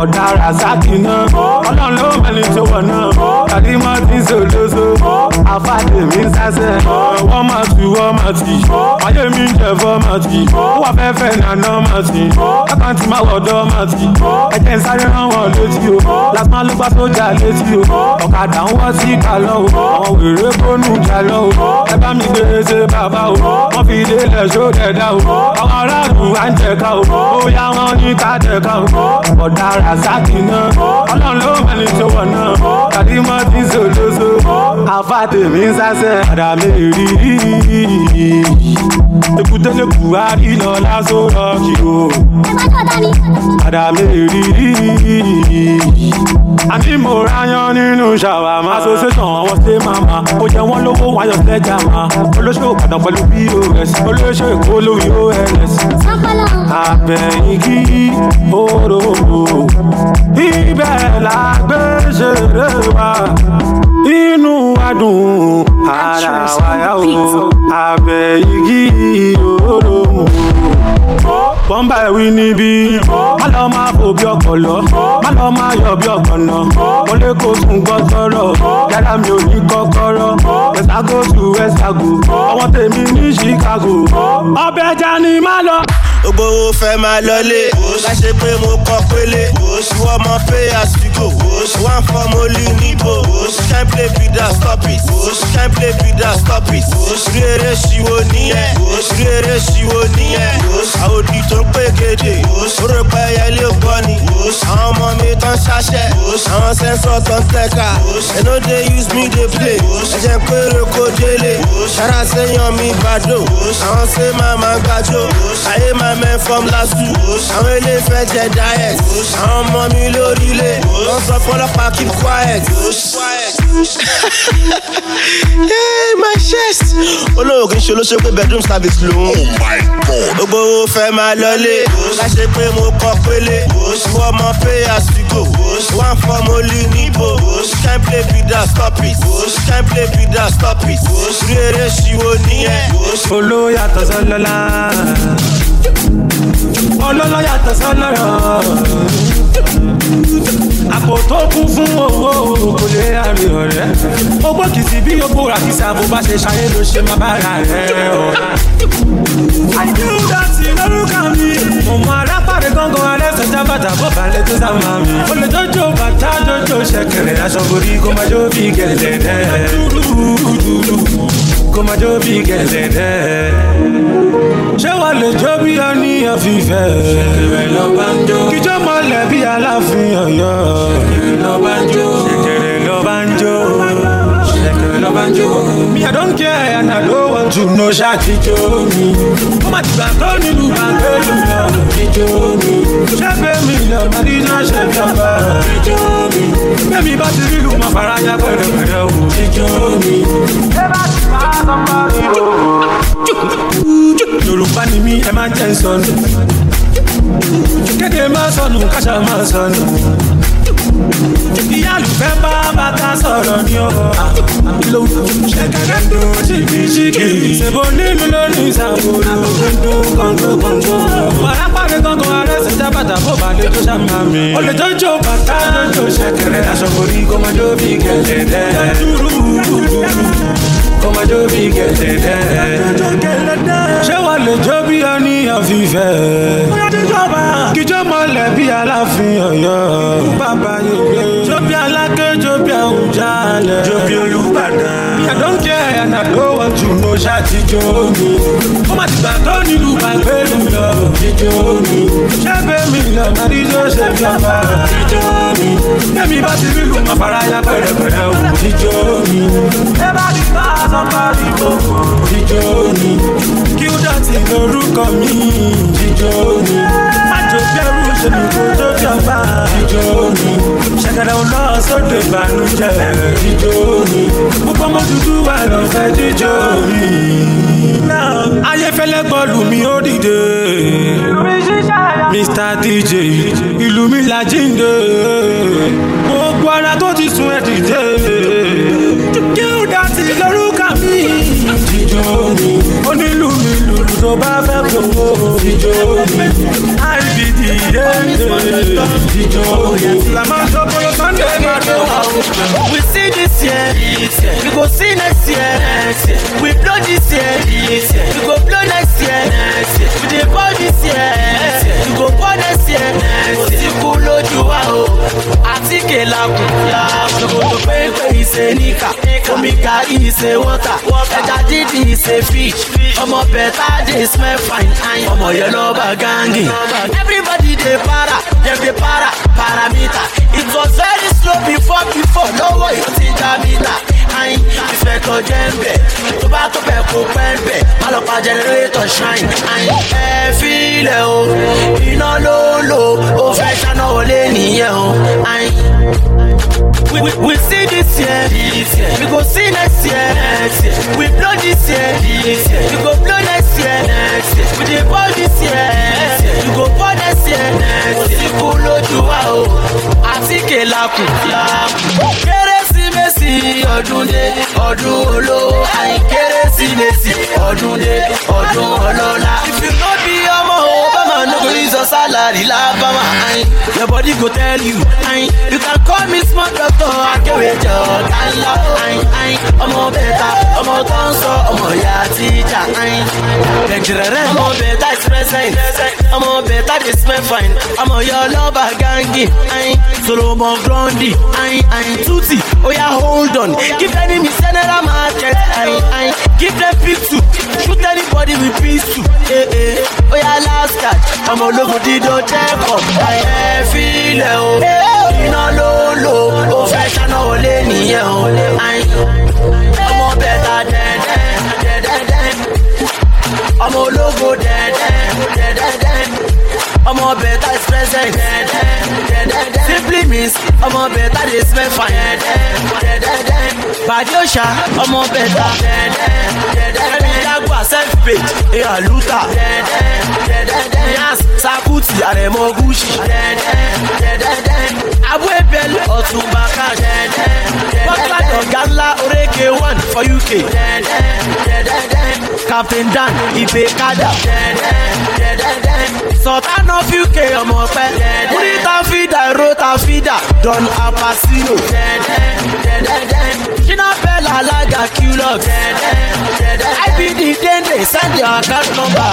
Ọ̀dà Rasaki náà. Ọlọ́run ló mẹ́ni tó wọ̀ náà. Tàdí mọ́ ti sòlóso. Àfa tèmi ń sásẹ̀. Wọ́n máa ti wọ́n máa ti. Ayé mi ń jẹ fọ́màtì. Ó wà fẹ́fẹ́ nàná màtì. Kákan ti máa wọ̀ dọ́ màtì. Ẹ̀jẹ̀ ń sáré rán wọn létí o. Lásán ló gbá sójà létí o ọ̀kadà ń wọ́ sí kàlọ́ o àwọn wèrè bónú jalọ́ o ẹ bá mi gbé ṣe bàbá o wọ́n fi délẹ̀ ṣó o àwọn aráàlú à ń jẹ̀ka o ó yá wọn ní ká o ọ̀dà rasaki náà ọlọ́run ló wà ní ṣòwò náà tàbí mọ́ ti ṣòlóṣo àfa tèmi ń sásẹ̀ padà mi rí èkúté lè buhari lọ lásò rọ́ọ̀kì o padà mi àní mo ráyán wọn nínú ṣàwámà. association àwọn ṣe màmá ó jẹ wọn lówó wáyọ sẹjà má. olóṣèlú Ìbàdàn pẹ̀lú pos olóṣèlú Èkó lórí ons. àbẹ̀yìn kí oró ibẹ̀ la gbé ṣeré wa inú adùn ara wa yá o àbẹ̀yìn kí o. bọ́ńbà ẹ̀wí níbí má lọ máa fò bí ọkọ̀ lọ má lọ máa yọ bí ọ̀gbọ̀nà mo lè kó sùn gbọ́sọ̀rọ̀ yàrá mi ò ní kọ́kọ́rọ́ wẹ́sàgò tù wẹ́sàgò ọmọ tèmi ní Chicago ọbẹ̀ ẹja ni má lọ. gbogbo owó fẹ́ máa lọlé láṣẹ pé mo kọ pélé ìwọ mọ pay as you go one form only níbo can play bida stop it can play bida stop it rí eré ṣiwo níyẹn rí eré ṣiwo níyẹn àwọn òbí tó ń pè kéde ó rò ẹyẹ lè gbọ́ ni àwọn ọmọ mi tán ṣaṣẹ́ àwọn sẹ́ńsọ̀ tán tẹ̀ka ẹ̀ no dey use me dey play ẹ̀jẹ̀ pé roko délé ṣara sẹ́yàn mi bàdó àwọn sẹ́ máa máa gbàjó ayé máa men from last two. àwọn ilé fẹ́ jẹ diet. àwọn ọmọ mi lórí ilé. wọ́n sọ fọlọ́pàá keep quiet. hey, my chest. olówó kì í ṣe olóṣèlú pé bedroom service lòun. oh my god. gbogbo owó fẹ́ máa lọlé. láṣẹ pé mo kọ́ pélé. ìwọ ọmọ pay as you go. one form only níbo. can play with that stop it. can play with that stop it. rí eré ṣìwò nìyẹn. olóyàtọ̀ sọ́lọ́lá. ọlọ́lọ́ yàtọ̀ sọ́lọ́rọ̀ àpò tó kún fún owó kò lè àrè ọ̀rẹ́ ogbó kìsì bí yòókù ràkìsà bó bá ṣe ṣayé ló ṣe má bára rẹ̀ ọ̀. àdúrà ti lórúkà mi òun arápàdé gángan alẹ́sẹ̀ jábàtà bó balẹ̀ tó sá máa mi ó bàtà jọjọ ṣẹ̀kẹ̀rẹ̀ aṣọ borí kó má jó bí gẹ̀dẹ̀dẹ̀ kó má jó bí gẹ̀dẹ̀dẹ̀. ṣé wà lè jó bí ọ ní ọ̀fìfẹ́? ṣèkèrè lọ bá ń jó. kíjọ́ mọ́lẹ̀ bí aláàfin ọ̀yọ́. ṣèkèrè lọ bá ń jó. ṣèkèrè lọ ń jó like a love and joy. Me, I don't care and I don't want to know shot ijó mi. Ó má ti gbà tó nílùú àgbélù lọ ijó mi. Ṣẹ́fẹ̀ mi lọ Màdí náà ṣe jọba ijó mi. Bẹ́ẹ̀ni bá ti rílu mọ faraya pẹ̀lẹ́pẹ̀lẹ́ o ijó mi. Ṣé bá ti máa sọ fún mi o? Yorùbá ni mí ẹ máa ń jẹ́ ń sọnù. Kéde máa sọnù, káṣá máa sọnù ìyá lùfẹ́ bá bàtà sọ̀rọ̀ ni ó. Ah, àbí ló ń ṣe kẹ̀kẹ́ tó ti fi ṣíkì. ṣèbó nílùú lónìí ìṣàwòrán. àbúkú dún kọ́ńgó kọ́ńgó. wàrà pàdé kọ́ńgó arẹ́ sẹ́jà bàtà bó bá tó ṣàmà mi. o tó jó bàtà tó ṣẹ̀kẹ̀rẹ̀ aṣọ kò rí kọ́mọdé ó fi gẹ̀lẹ́ kó má jó bí gẹ̀dẹ̀dẹ̀. ṣé wàá lè jó bí ọníyàn fífẹ́? kíjọ́ mọ́lẹ̀ bí aláàfin ọ̀yọ́. bàbá yìí jó bí aláké jó bí àwùjalẹ̀. jó bí olùbàdàn. I don't care lówó tù mo ṣàtijọ́ mi. ó má ti gbà tó nílù gbàgbé mi lọ òjijọ́ mi. ṣẹ́gbẹ́ mi lọ máa díjọ́ ṣe fi ọba òjijọ́ mi. bẹ́ẹ̀ni bá ti rí lu mọ̀ fara ya pẹ̀rẹ̀pẹ̀rẹ̀ òjijọ́ mi. ẹ bá ti bá a sọ bá rí mo òjijọ́ mi. kí ó dá ti lórúkọ mi òjijọ́ mi bẹ̀rù ṣèlú kó tó jọba. Jíjó mi. Ṣàkàdà ọ̀nà sọ́dọ̀ ìbànújẹ́. Jíjó mi. Púpọ̀ mọ́ dúdú wà lọ fẹ́ jíjó mi. Ayéfẹ́lẹ́ mi ó dìde. Mr DJ, ìlú mi la jíǹde. Gbogbo ara tó ti sun ẹ̀ dìde. Kí ó dá sí lórúkà mi. Jíjó mi. Onílù mi. tó bá fẹ́ kówó ìjọ òní ibd yé ìjọ òní. làmá sọ bóyá sunday máa tó àwọn. we see this year we go see next year we blow this year we go blow next year. We dey pour this We go pour níkà. fish. fine. Everybody dey para. Dem dey para. Paramita. It was very slow before before. Lọ́wọ́ ti já mítà time ìfẹ́ kan jẹ́ ń tó bá tó bẹ̀ kó pẹ́ ń má lọ pa generator shine. ẹ filẹ̀ o iná ló lò ó fẹ́ ṣáná wọlé nìyẹn o. We, we see this year, this year, we go see next year, next year. We blow this year, this year, we go blow next year, next year. We dey ball this year, next year, we go ball next year, next year. Kò sí kú lójú wa o, àti kèlà kù kérésì ọdún dé ọdún olówó àìkérésì. your body go tell you. Aye. You can call me smart doctor, I can wait your kind love. I I'm all better, I'm all dancer, I'm all your teacher. Aye. I'm all better, express I'm all better, this man fine. I'm all your lover, gangi. Aye. Solo more grundy. I I Tutti, oh yeah, hold on. Give enemy general market. I I Give them pizza. Shoot anybody with pistol. Eh, eh. Oh, yeah, last catch. I'm all over the door, check up. I feel it. Eh, oh. not low, Iná ló ń lò ó fẹ́ ṣáná olé nìyẹn o. Ọmọ bẹ̀ta dẹ́dẹ́ dẹ́dẹ́ dẹ́. Ọmọ ológo dẹ́dẹ́ dẹ́dẹ́ dẹ́. I'm a better is present. Simply means I'm a better they smell fine. Bàdé òṣà ọmọ bẹ̀ta. Ẹni jágbà self-paid ìhà lúta. Yas Sakuti àrẹ̀mọ Gucci. Abú Ebele Ọ̀túnba Cash. Bọ́lá Dọ̀gá ńlá Oréke one for UK. Captain Dan Ibe Kada. Sultan no few k ọmọ pẹ́. she not rota fìdá don apasino. ṣínà I be the ibd dende send your account number.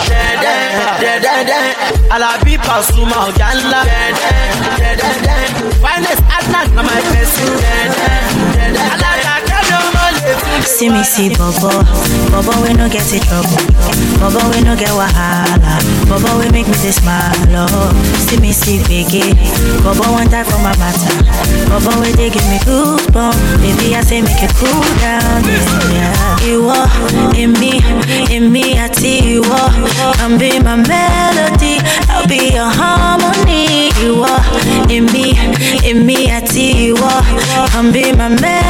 alabi pasuma ọ̀gá ńlá. finest adnan na my person. alága See me see Bobo, Bobo we no get in trouble, Bobo we no get wahala, Bobo we make me this smile, oh. See me see Biggie, Bobo one time for my matter, Bobo we they give me goosebumps, baby I say make it cool down, yeah. You in me, in me I see you come I'm be my melody, I'll be your harmony. You are in me, in me I see you come I'm be my melody.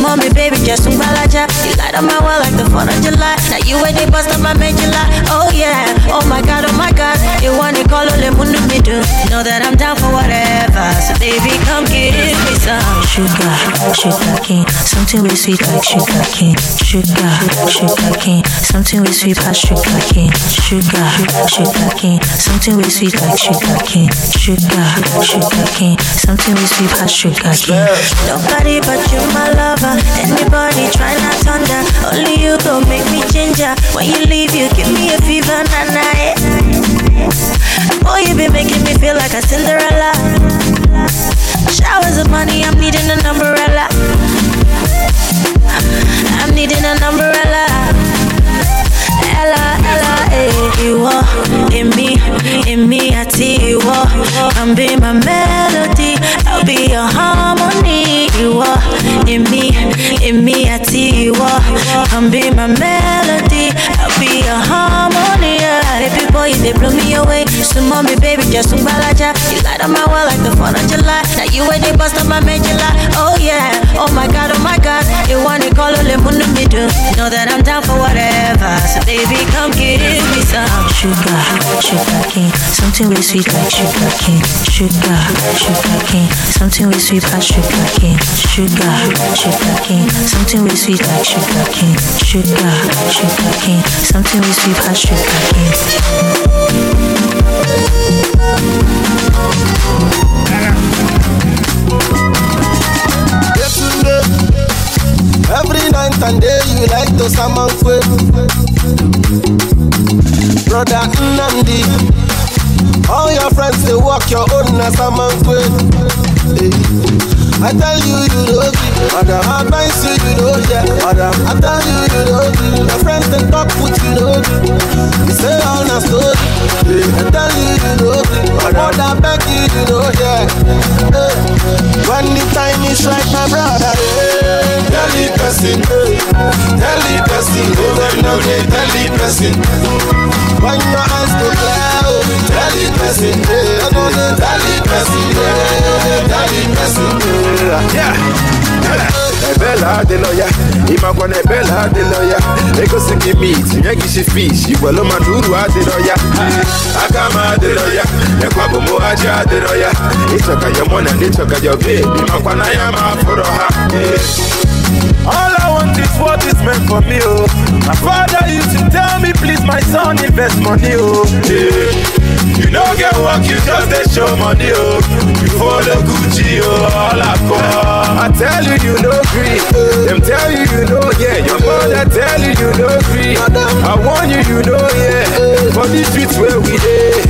to baby, just some balaja. You light up my world like the 4th of July. Now you ain't the bust up my main July. Oh yeah, oh my god, oh my god. You want to call all the mundo me do. Know that I'm down for whatever. So baby, come give me some. Sugar, sugar cane. Something really sweet like sugar cane. Sugar, sugar cane. Something we sweet like sugar cane, sugar, sugar cane. Something we sweet like sugar cane, sugar, sugar cane. Something we sweet like sugar cane. Nobody but you, my lover. Anybody try not thunder. Only you gon' make me ginger. When you leave, you give me a fever, na na. Boy, you be making me feel like a Cinderella. Showers of money, I'm needing an umbrella. I'm needing an umbrella ìwọ èmi èmi àti ìwọ can be my melody I'll be your harmony ìwọ èmi èmi àti ìwọ can be my melody I'll be your harmony yeah. Baby boy you dey blow me away. Some on me, baby, just some balaja. You light up my world like the 4th of July. Now you ain't the bust up my main July. Oh yeah, oh my god, oh my god. You wanna call all the mundo me do. Know that I'm down for whatever. So baby, come give me some sugar, sugar cane. Something really sweet like sugar cane. Sugar, sugar cane. Something really sweet like sugar cane. Sugar, sugar cane. Something really sweet like sugar cane. Sugar, sugar cane. Something really sweet like sugar king. Every night and day you like to summon quick. Brother all your friends they walk your own as summon quick. Hey. I tell you, you don't give. Madam, advise you, you don't get. I tell you, you don't give. my friends they talk with you, don't You say all na story. I tell you, you don't give. Mother beg you, you don't get. When the time is right, my brother. Hey. Delicacy, hey. delicacy, oh, I know they delicacy. When your eyes go cloud, oh. delicacy, hey. I know they delicacy, yeah, delicacy. Yeah. Ebela de lawyer, imakwa na ebela de lawyer. Egosi give me tinye gishi fish, igbolo maduru ade lawyer. Akama de lawyer, ekwa bomo aje ade lawyer. Ichoka your money, ichoka your babe, imakwa na ya ma furo ha what is meant for me, oh. My father used to tell me, please, my son, invest money, oh. Yeah. You don't get work, you just they show money, oh. You follow Gucci, oh, all I call. I tell you, you no free. Them oh. tell you, you know, yeah. Your mother tell you, you no free. I warn you, you know, yeah. For these streets where we live,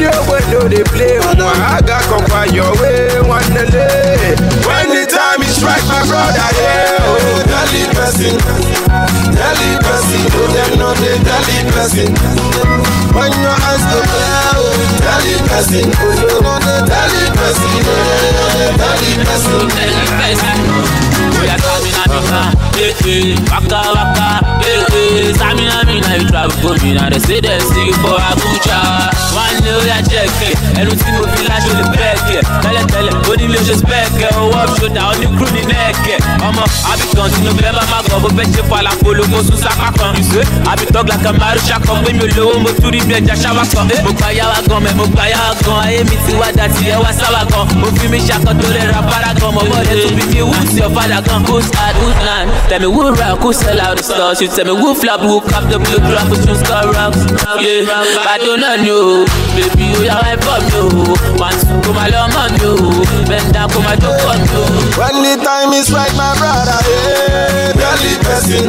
you know, they play, I oh. got come by your way, one day. When strike my brother, yeah. Oh, oh, them know they Delhi blessing. When your eyes go clear, oh, Delhi oh, you know they Delhi blessing, oh, they know they Delhi person. waka waka, eh, eh. Samina, you travel for me now. They say they sing for Abuja. Why ni ó yà jẹ́ ẹ̀kẹ́ ẹnu tí mo fi láṣọ lè bẹ́ẹ̀kẹ́ tẹ́lẹ̀tẹ́lẹ̀ onílé oṣù bẹ́ẹ̀kẹ́ owó ṣọdà oní kúrú ní nẹ́ẹ̀kẹ́ ọmọ abidjan tinubu ẹ bá má gọ̀ bó fẹ́ ṣe fàlà polówó súnsà kákan abidjan gbàgbà máa ṣá kan pé mi ò lówó mo tún rí bí ẹja ṣáwá kan mo gba yàwá gan mẹ mo gba yàwá gan ayé mi ti wá dà tiẹ̀ wá sáwà gan mo fi mi ṣàkọ́ tó rẹ̀ ra para gan mọ̀ bọ́ ẹ̀ tó fi mi wú sí ọ̀fadà gan who's hard who's land tẹ̀mí who rock who sell out the stores you tẹ̀mí who flop who cap the blue drop who tún score rock. Bàdó náà ni o. Baby, you ya ó you. Want to come along on you? Bend one two kó come and kó máa jókòó on you. when the time is right my brother yeah. tell person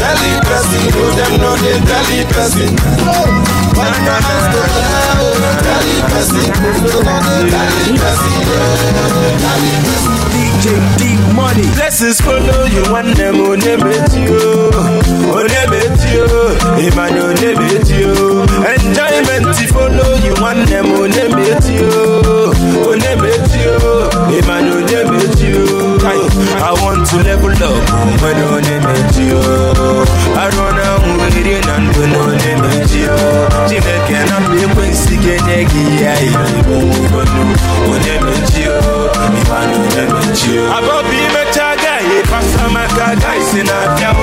tell person You them know they tell person. Hey. One time is DJ Deep Money. Blessings follow you I don't never Emmanuel you. Enjoyment follow you and them you. to level up. on energy, I run out waiting and when on energy, Jamaica and I'm the Quincy Genegi. I don't know on energy, if I know energy. About being a chaga, if I saw my guys in a cow.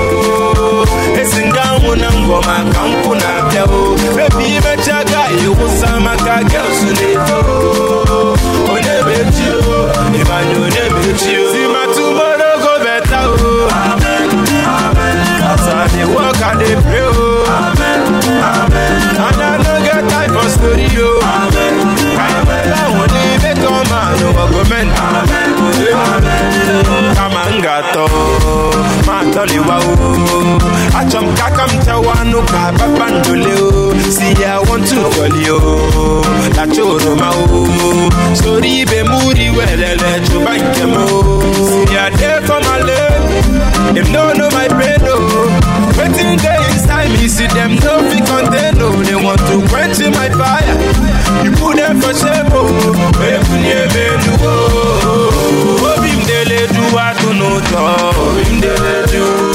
Esinga wuna ngoma ka nkwu na-abịa o ebe imecha gaghị kwụsa maka gels na-eto onye bụ I dey pray, Amen, oh. amen. And I no get time for story, Amen, amen. I only make oh. a man no argument. Amen, amen. Kamangato, matoliwa o. Achomka kamchawa nuka babandole oh. See I want to call you, la no o. Sorry, be moody. Well, you welele chubanke mo. See I dey for my love, if no no them no fi contain, no They want to quench my fire You put them for shape, oh oh, oh, oh oh, oh, oh, oh, oh, oh, oh, oh,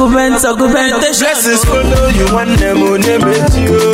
augment, augmentation. Blessings follow you when them will name it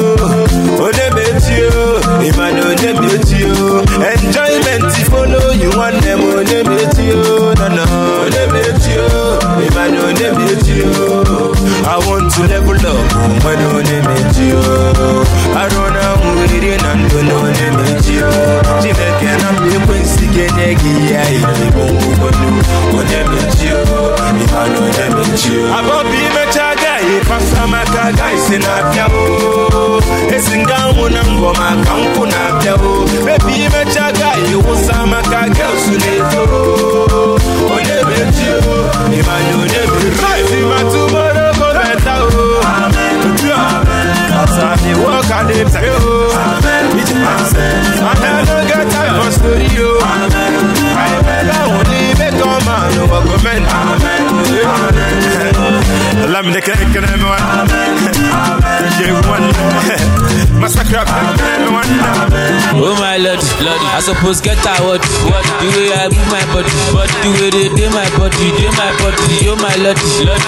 suppose get award. What the way I move my body, but the way they do my body, do my body, you my lord.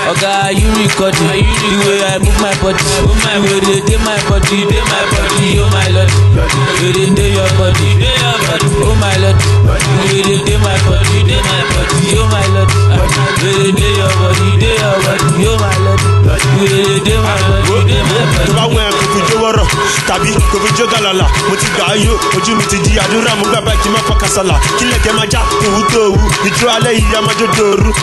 Oga, are you recording? Are you the way I move my body, oh my way they do my body, do my body, you my lord. Way they do your body, do your body, oh my lord. Way they do my body, do my body, you my lord. Way they do your body, do your body, you my lord. Way they do my body, do my body. tàbí kò fi jó gàlàlà mo ti gbà á yó ojú mi ti di àdúrà mo gbàgbà kí n má fọ kàsàlà kílẹ̀ kẹ́ máa já tòwú tòwú ìjó alẹ́ yìí a máa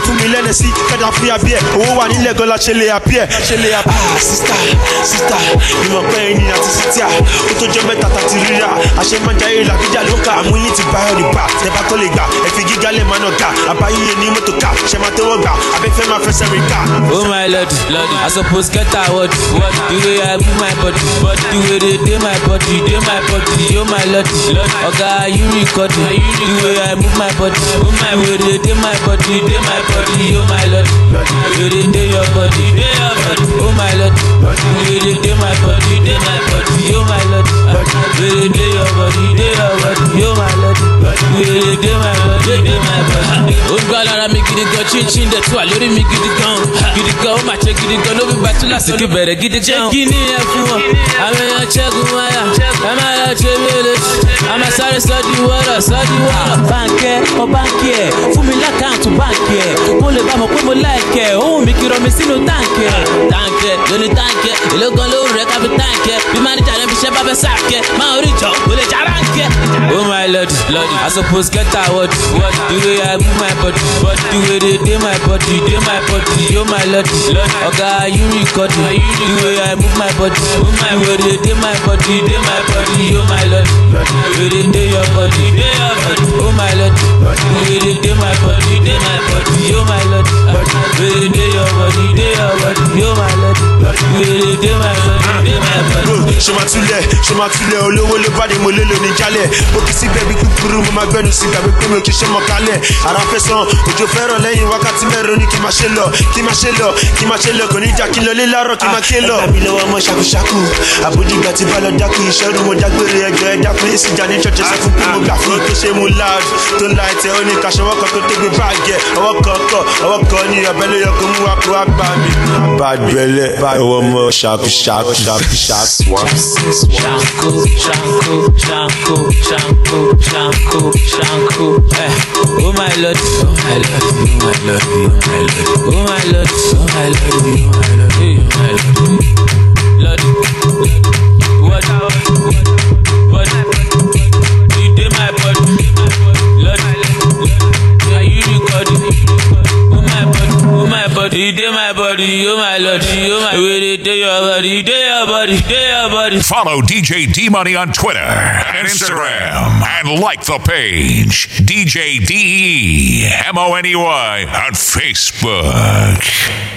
fún mi lẹ́nẹ̀ sí kẹ́ta fún yàbí ẹ̀ owó wà nílẹ̀ gọ́lá ṣe lè àbí ẹ̀ ṣe lè àbí. sísítà sísítà ìmọ̀ pẹ́ ẹ̀yìn àti sítíà ó tó jẹ́ mẹ́ta tàti rírà àṣẹ máa jáyé làbíjà ló kà àmú yín ti bá ẹ̀ rìbá tẹ́bá tó lè gbà ẹ̀ gíga lẹ̀ máa nà The way they do my body, do my body, yo my lotty. Oga, are you recording? The way I move my body, move my way they do my body, do my body, yo my lotty. The way they do your body, do your body, oh my lotty. The way they do my body, do my body, yo my lotty. Baby, dey your body, dey your body, yo my lady. Baby, dey my body, dey my body. Olùkọ́ mi gidi gan, chinchin dẹ̀ tó wà mi gidi gan. Gidi gan, ó máa gidi gan, ló fi bàtú lásán gidi gan. Ṣé kí ni ẹ fún wọn? Àwọn èèyàn ṣẹ́gun wáyà, i àmà sáré sọ́ọ́dì wọ́rọ̀ sọ́ọ́dì wọ́rọ̀. báńkẹ́ ọ báńkì ẹ̀ fún mi lákàntún báńkì ẹ̀ mo lè bá mọ̀ pé mo láìkẹ́ ohun mi kìrọ̀ mi sínú táǹkì ẹ̀. táǹkì lóní táǹkì ìlógan ló ń rẹ káfí táǹkì bí máníjà rẹ fi ṣe bá fẹ́ sáàkì máa orí ìjọ kò lè já báńkì. oh my lord lord i suppose get award what the way i move my body but the way they dey my body dey my body oh my lord lord oga you record the way i move my body oh my word, they dey my body dey my body oh my lord. lord. For the the day of day of the. oh my lord. Where they dey my body, dey my body, oh my lord. Where they dey your body, dey your body, oh my lord. Where they dey my body, dey my body. Ṣé máa túlẹ̀, ṣé máa túlẹ̀ olówó ló bá dé mo lé lóní jálẹ̀? Mo kì í sí bẹ́ẹ̀bí kúkúrú, mo máa gbẹ́nu sí gbàgbé pé mi ò kì í ṣe mọ̀ kálẹ̀. Ara fẹ́ san, òjò fẹ́ràn lẹ́yìn wákàtí mẹ́rin ní kí máa ṣe lọ, kí máa ṣe lọ, kí máa ṣe lọ, kò ní jà kí lọ lé láàárọ̀ kí máa ké lọ. Ah, Ẹ̀ka mi lọ́wọ́ ọmọ ṣàkúṣàkú, àbójúgbà ti bá lọ dákú, ìṣẹ́rù mo dágbére ẹgbẹ́ dákú, èsì jà ní ṣọ́ọ̀ṣì sọ fún pé mo gbà fún. Ó tó ṣe mo lá card tonight ẹ ó ní kaṣọ ọwọ́ kan tó dégbé báàgì ẹ ọwọ́ kan kọ ọwọ́ kan ní ọbẹ ló yọ kó mú wa kó wá gbà mí. bàjẹ́lẹ̀ ọwọ́ ọmọ ṣàkó ṣàkó ṣàkó ṣàkó. ṣàkó ṣàkó ṣàkó ṣàkó ṣàkó ṣàkó ẹ oh my lord oh my lord oh my lord oh my lord oh my lord oh my lord oh my lord. my body, you my lord, you my day your body, day your body, day your body. Follow DJ D Money on Twitter and Instagram and like the page DJ D E M O N E Y on Facebook.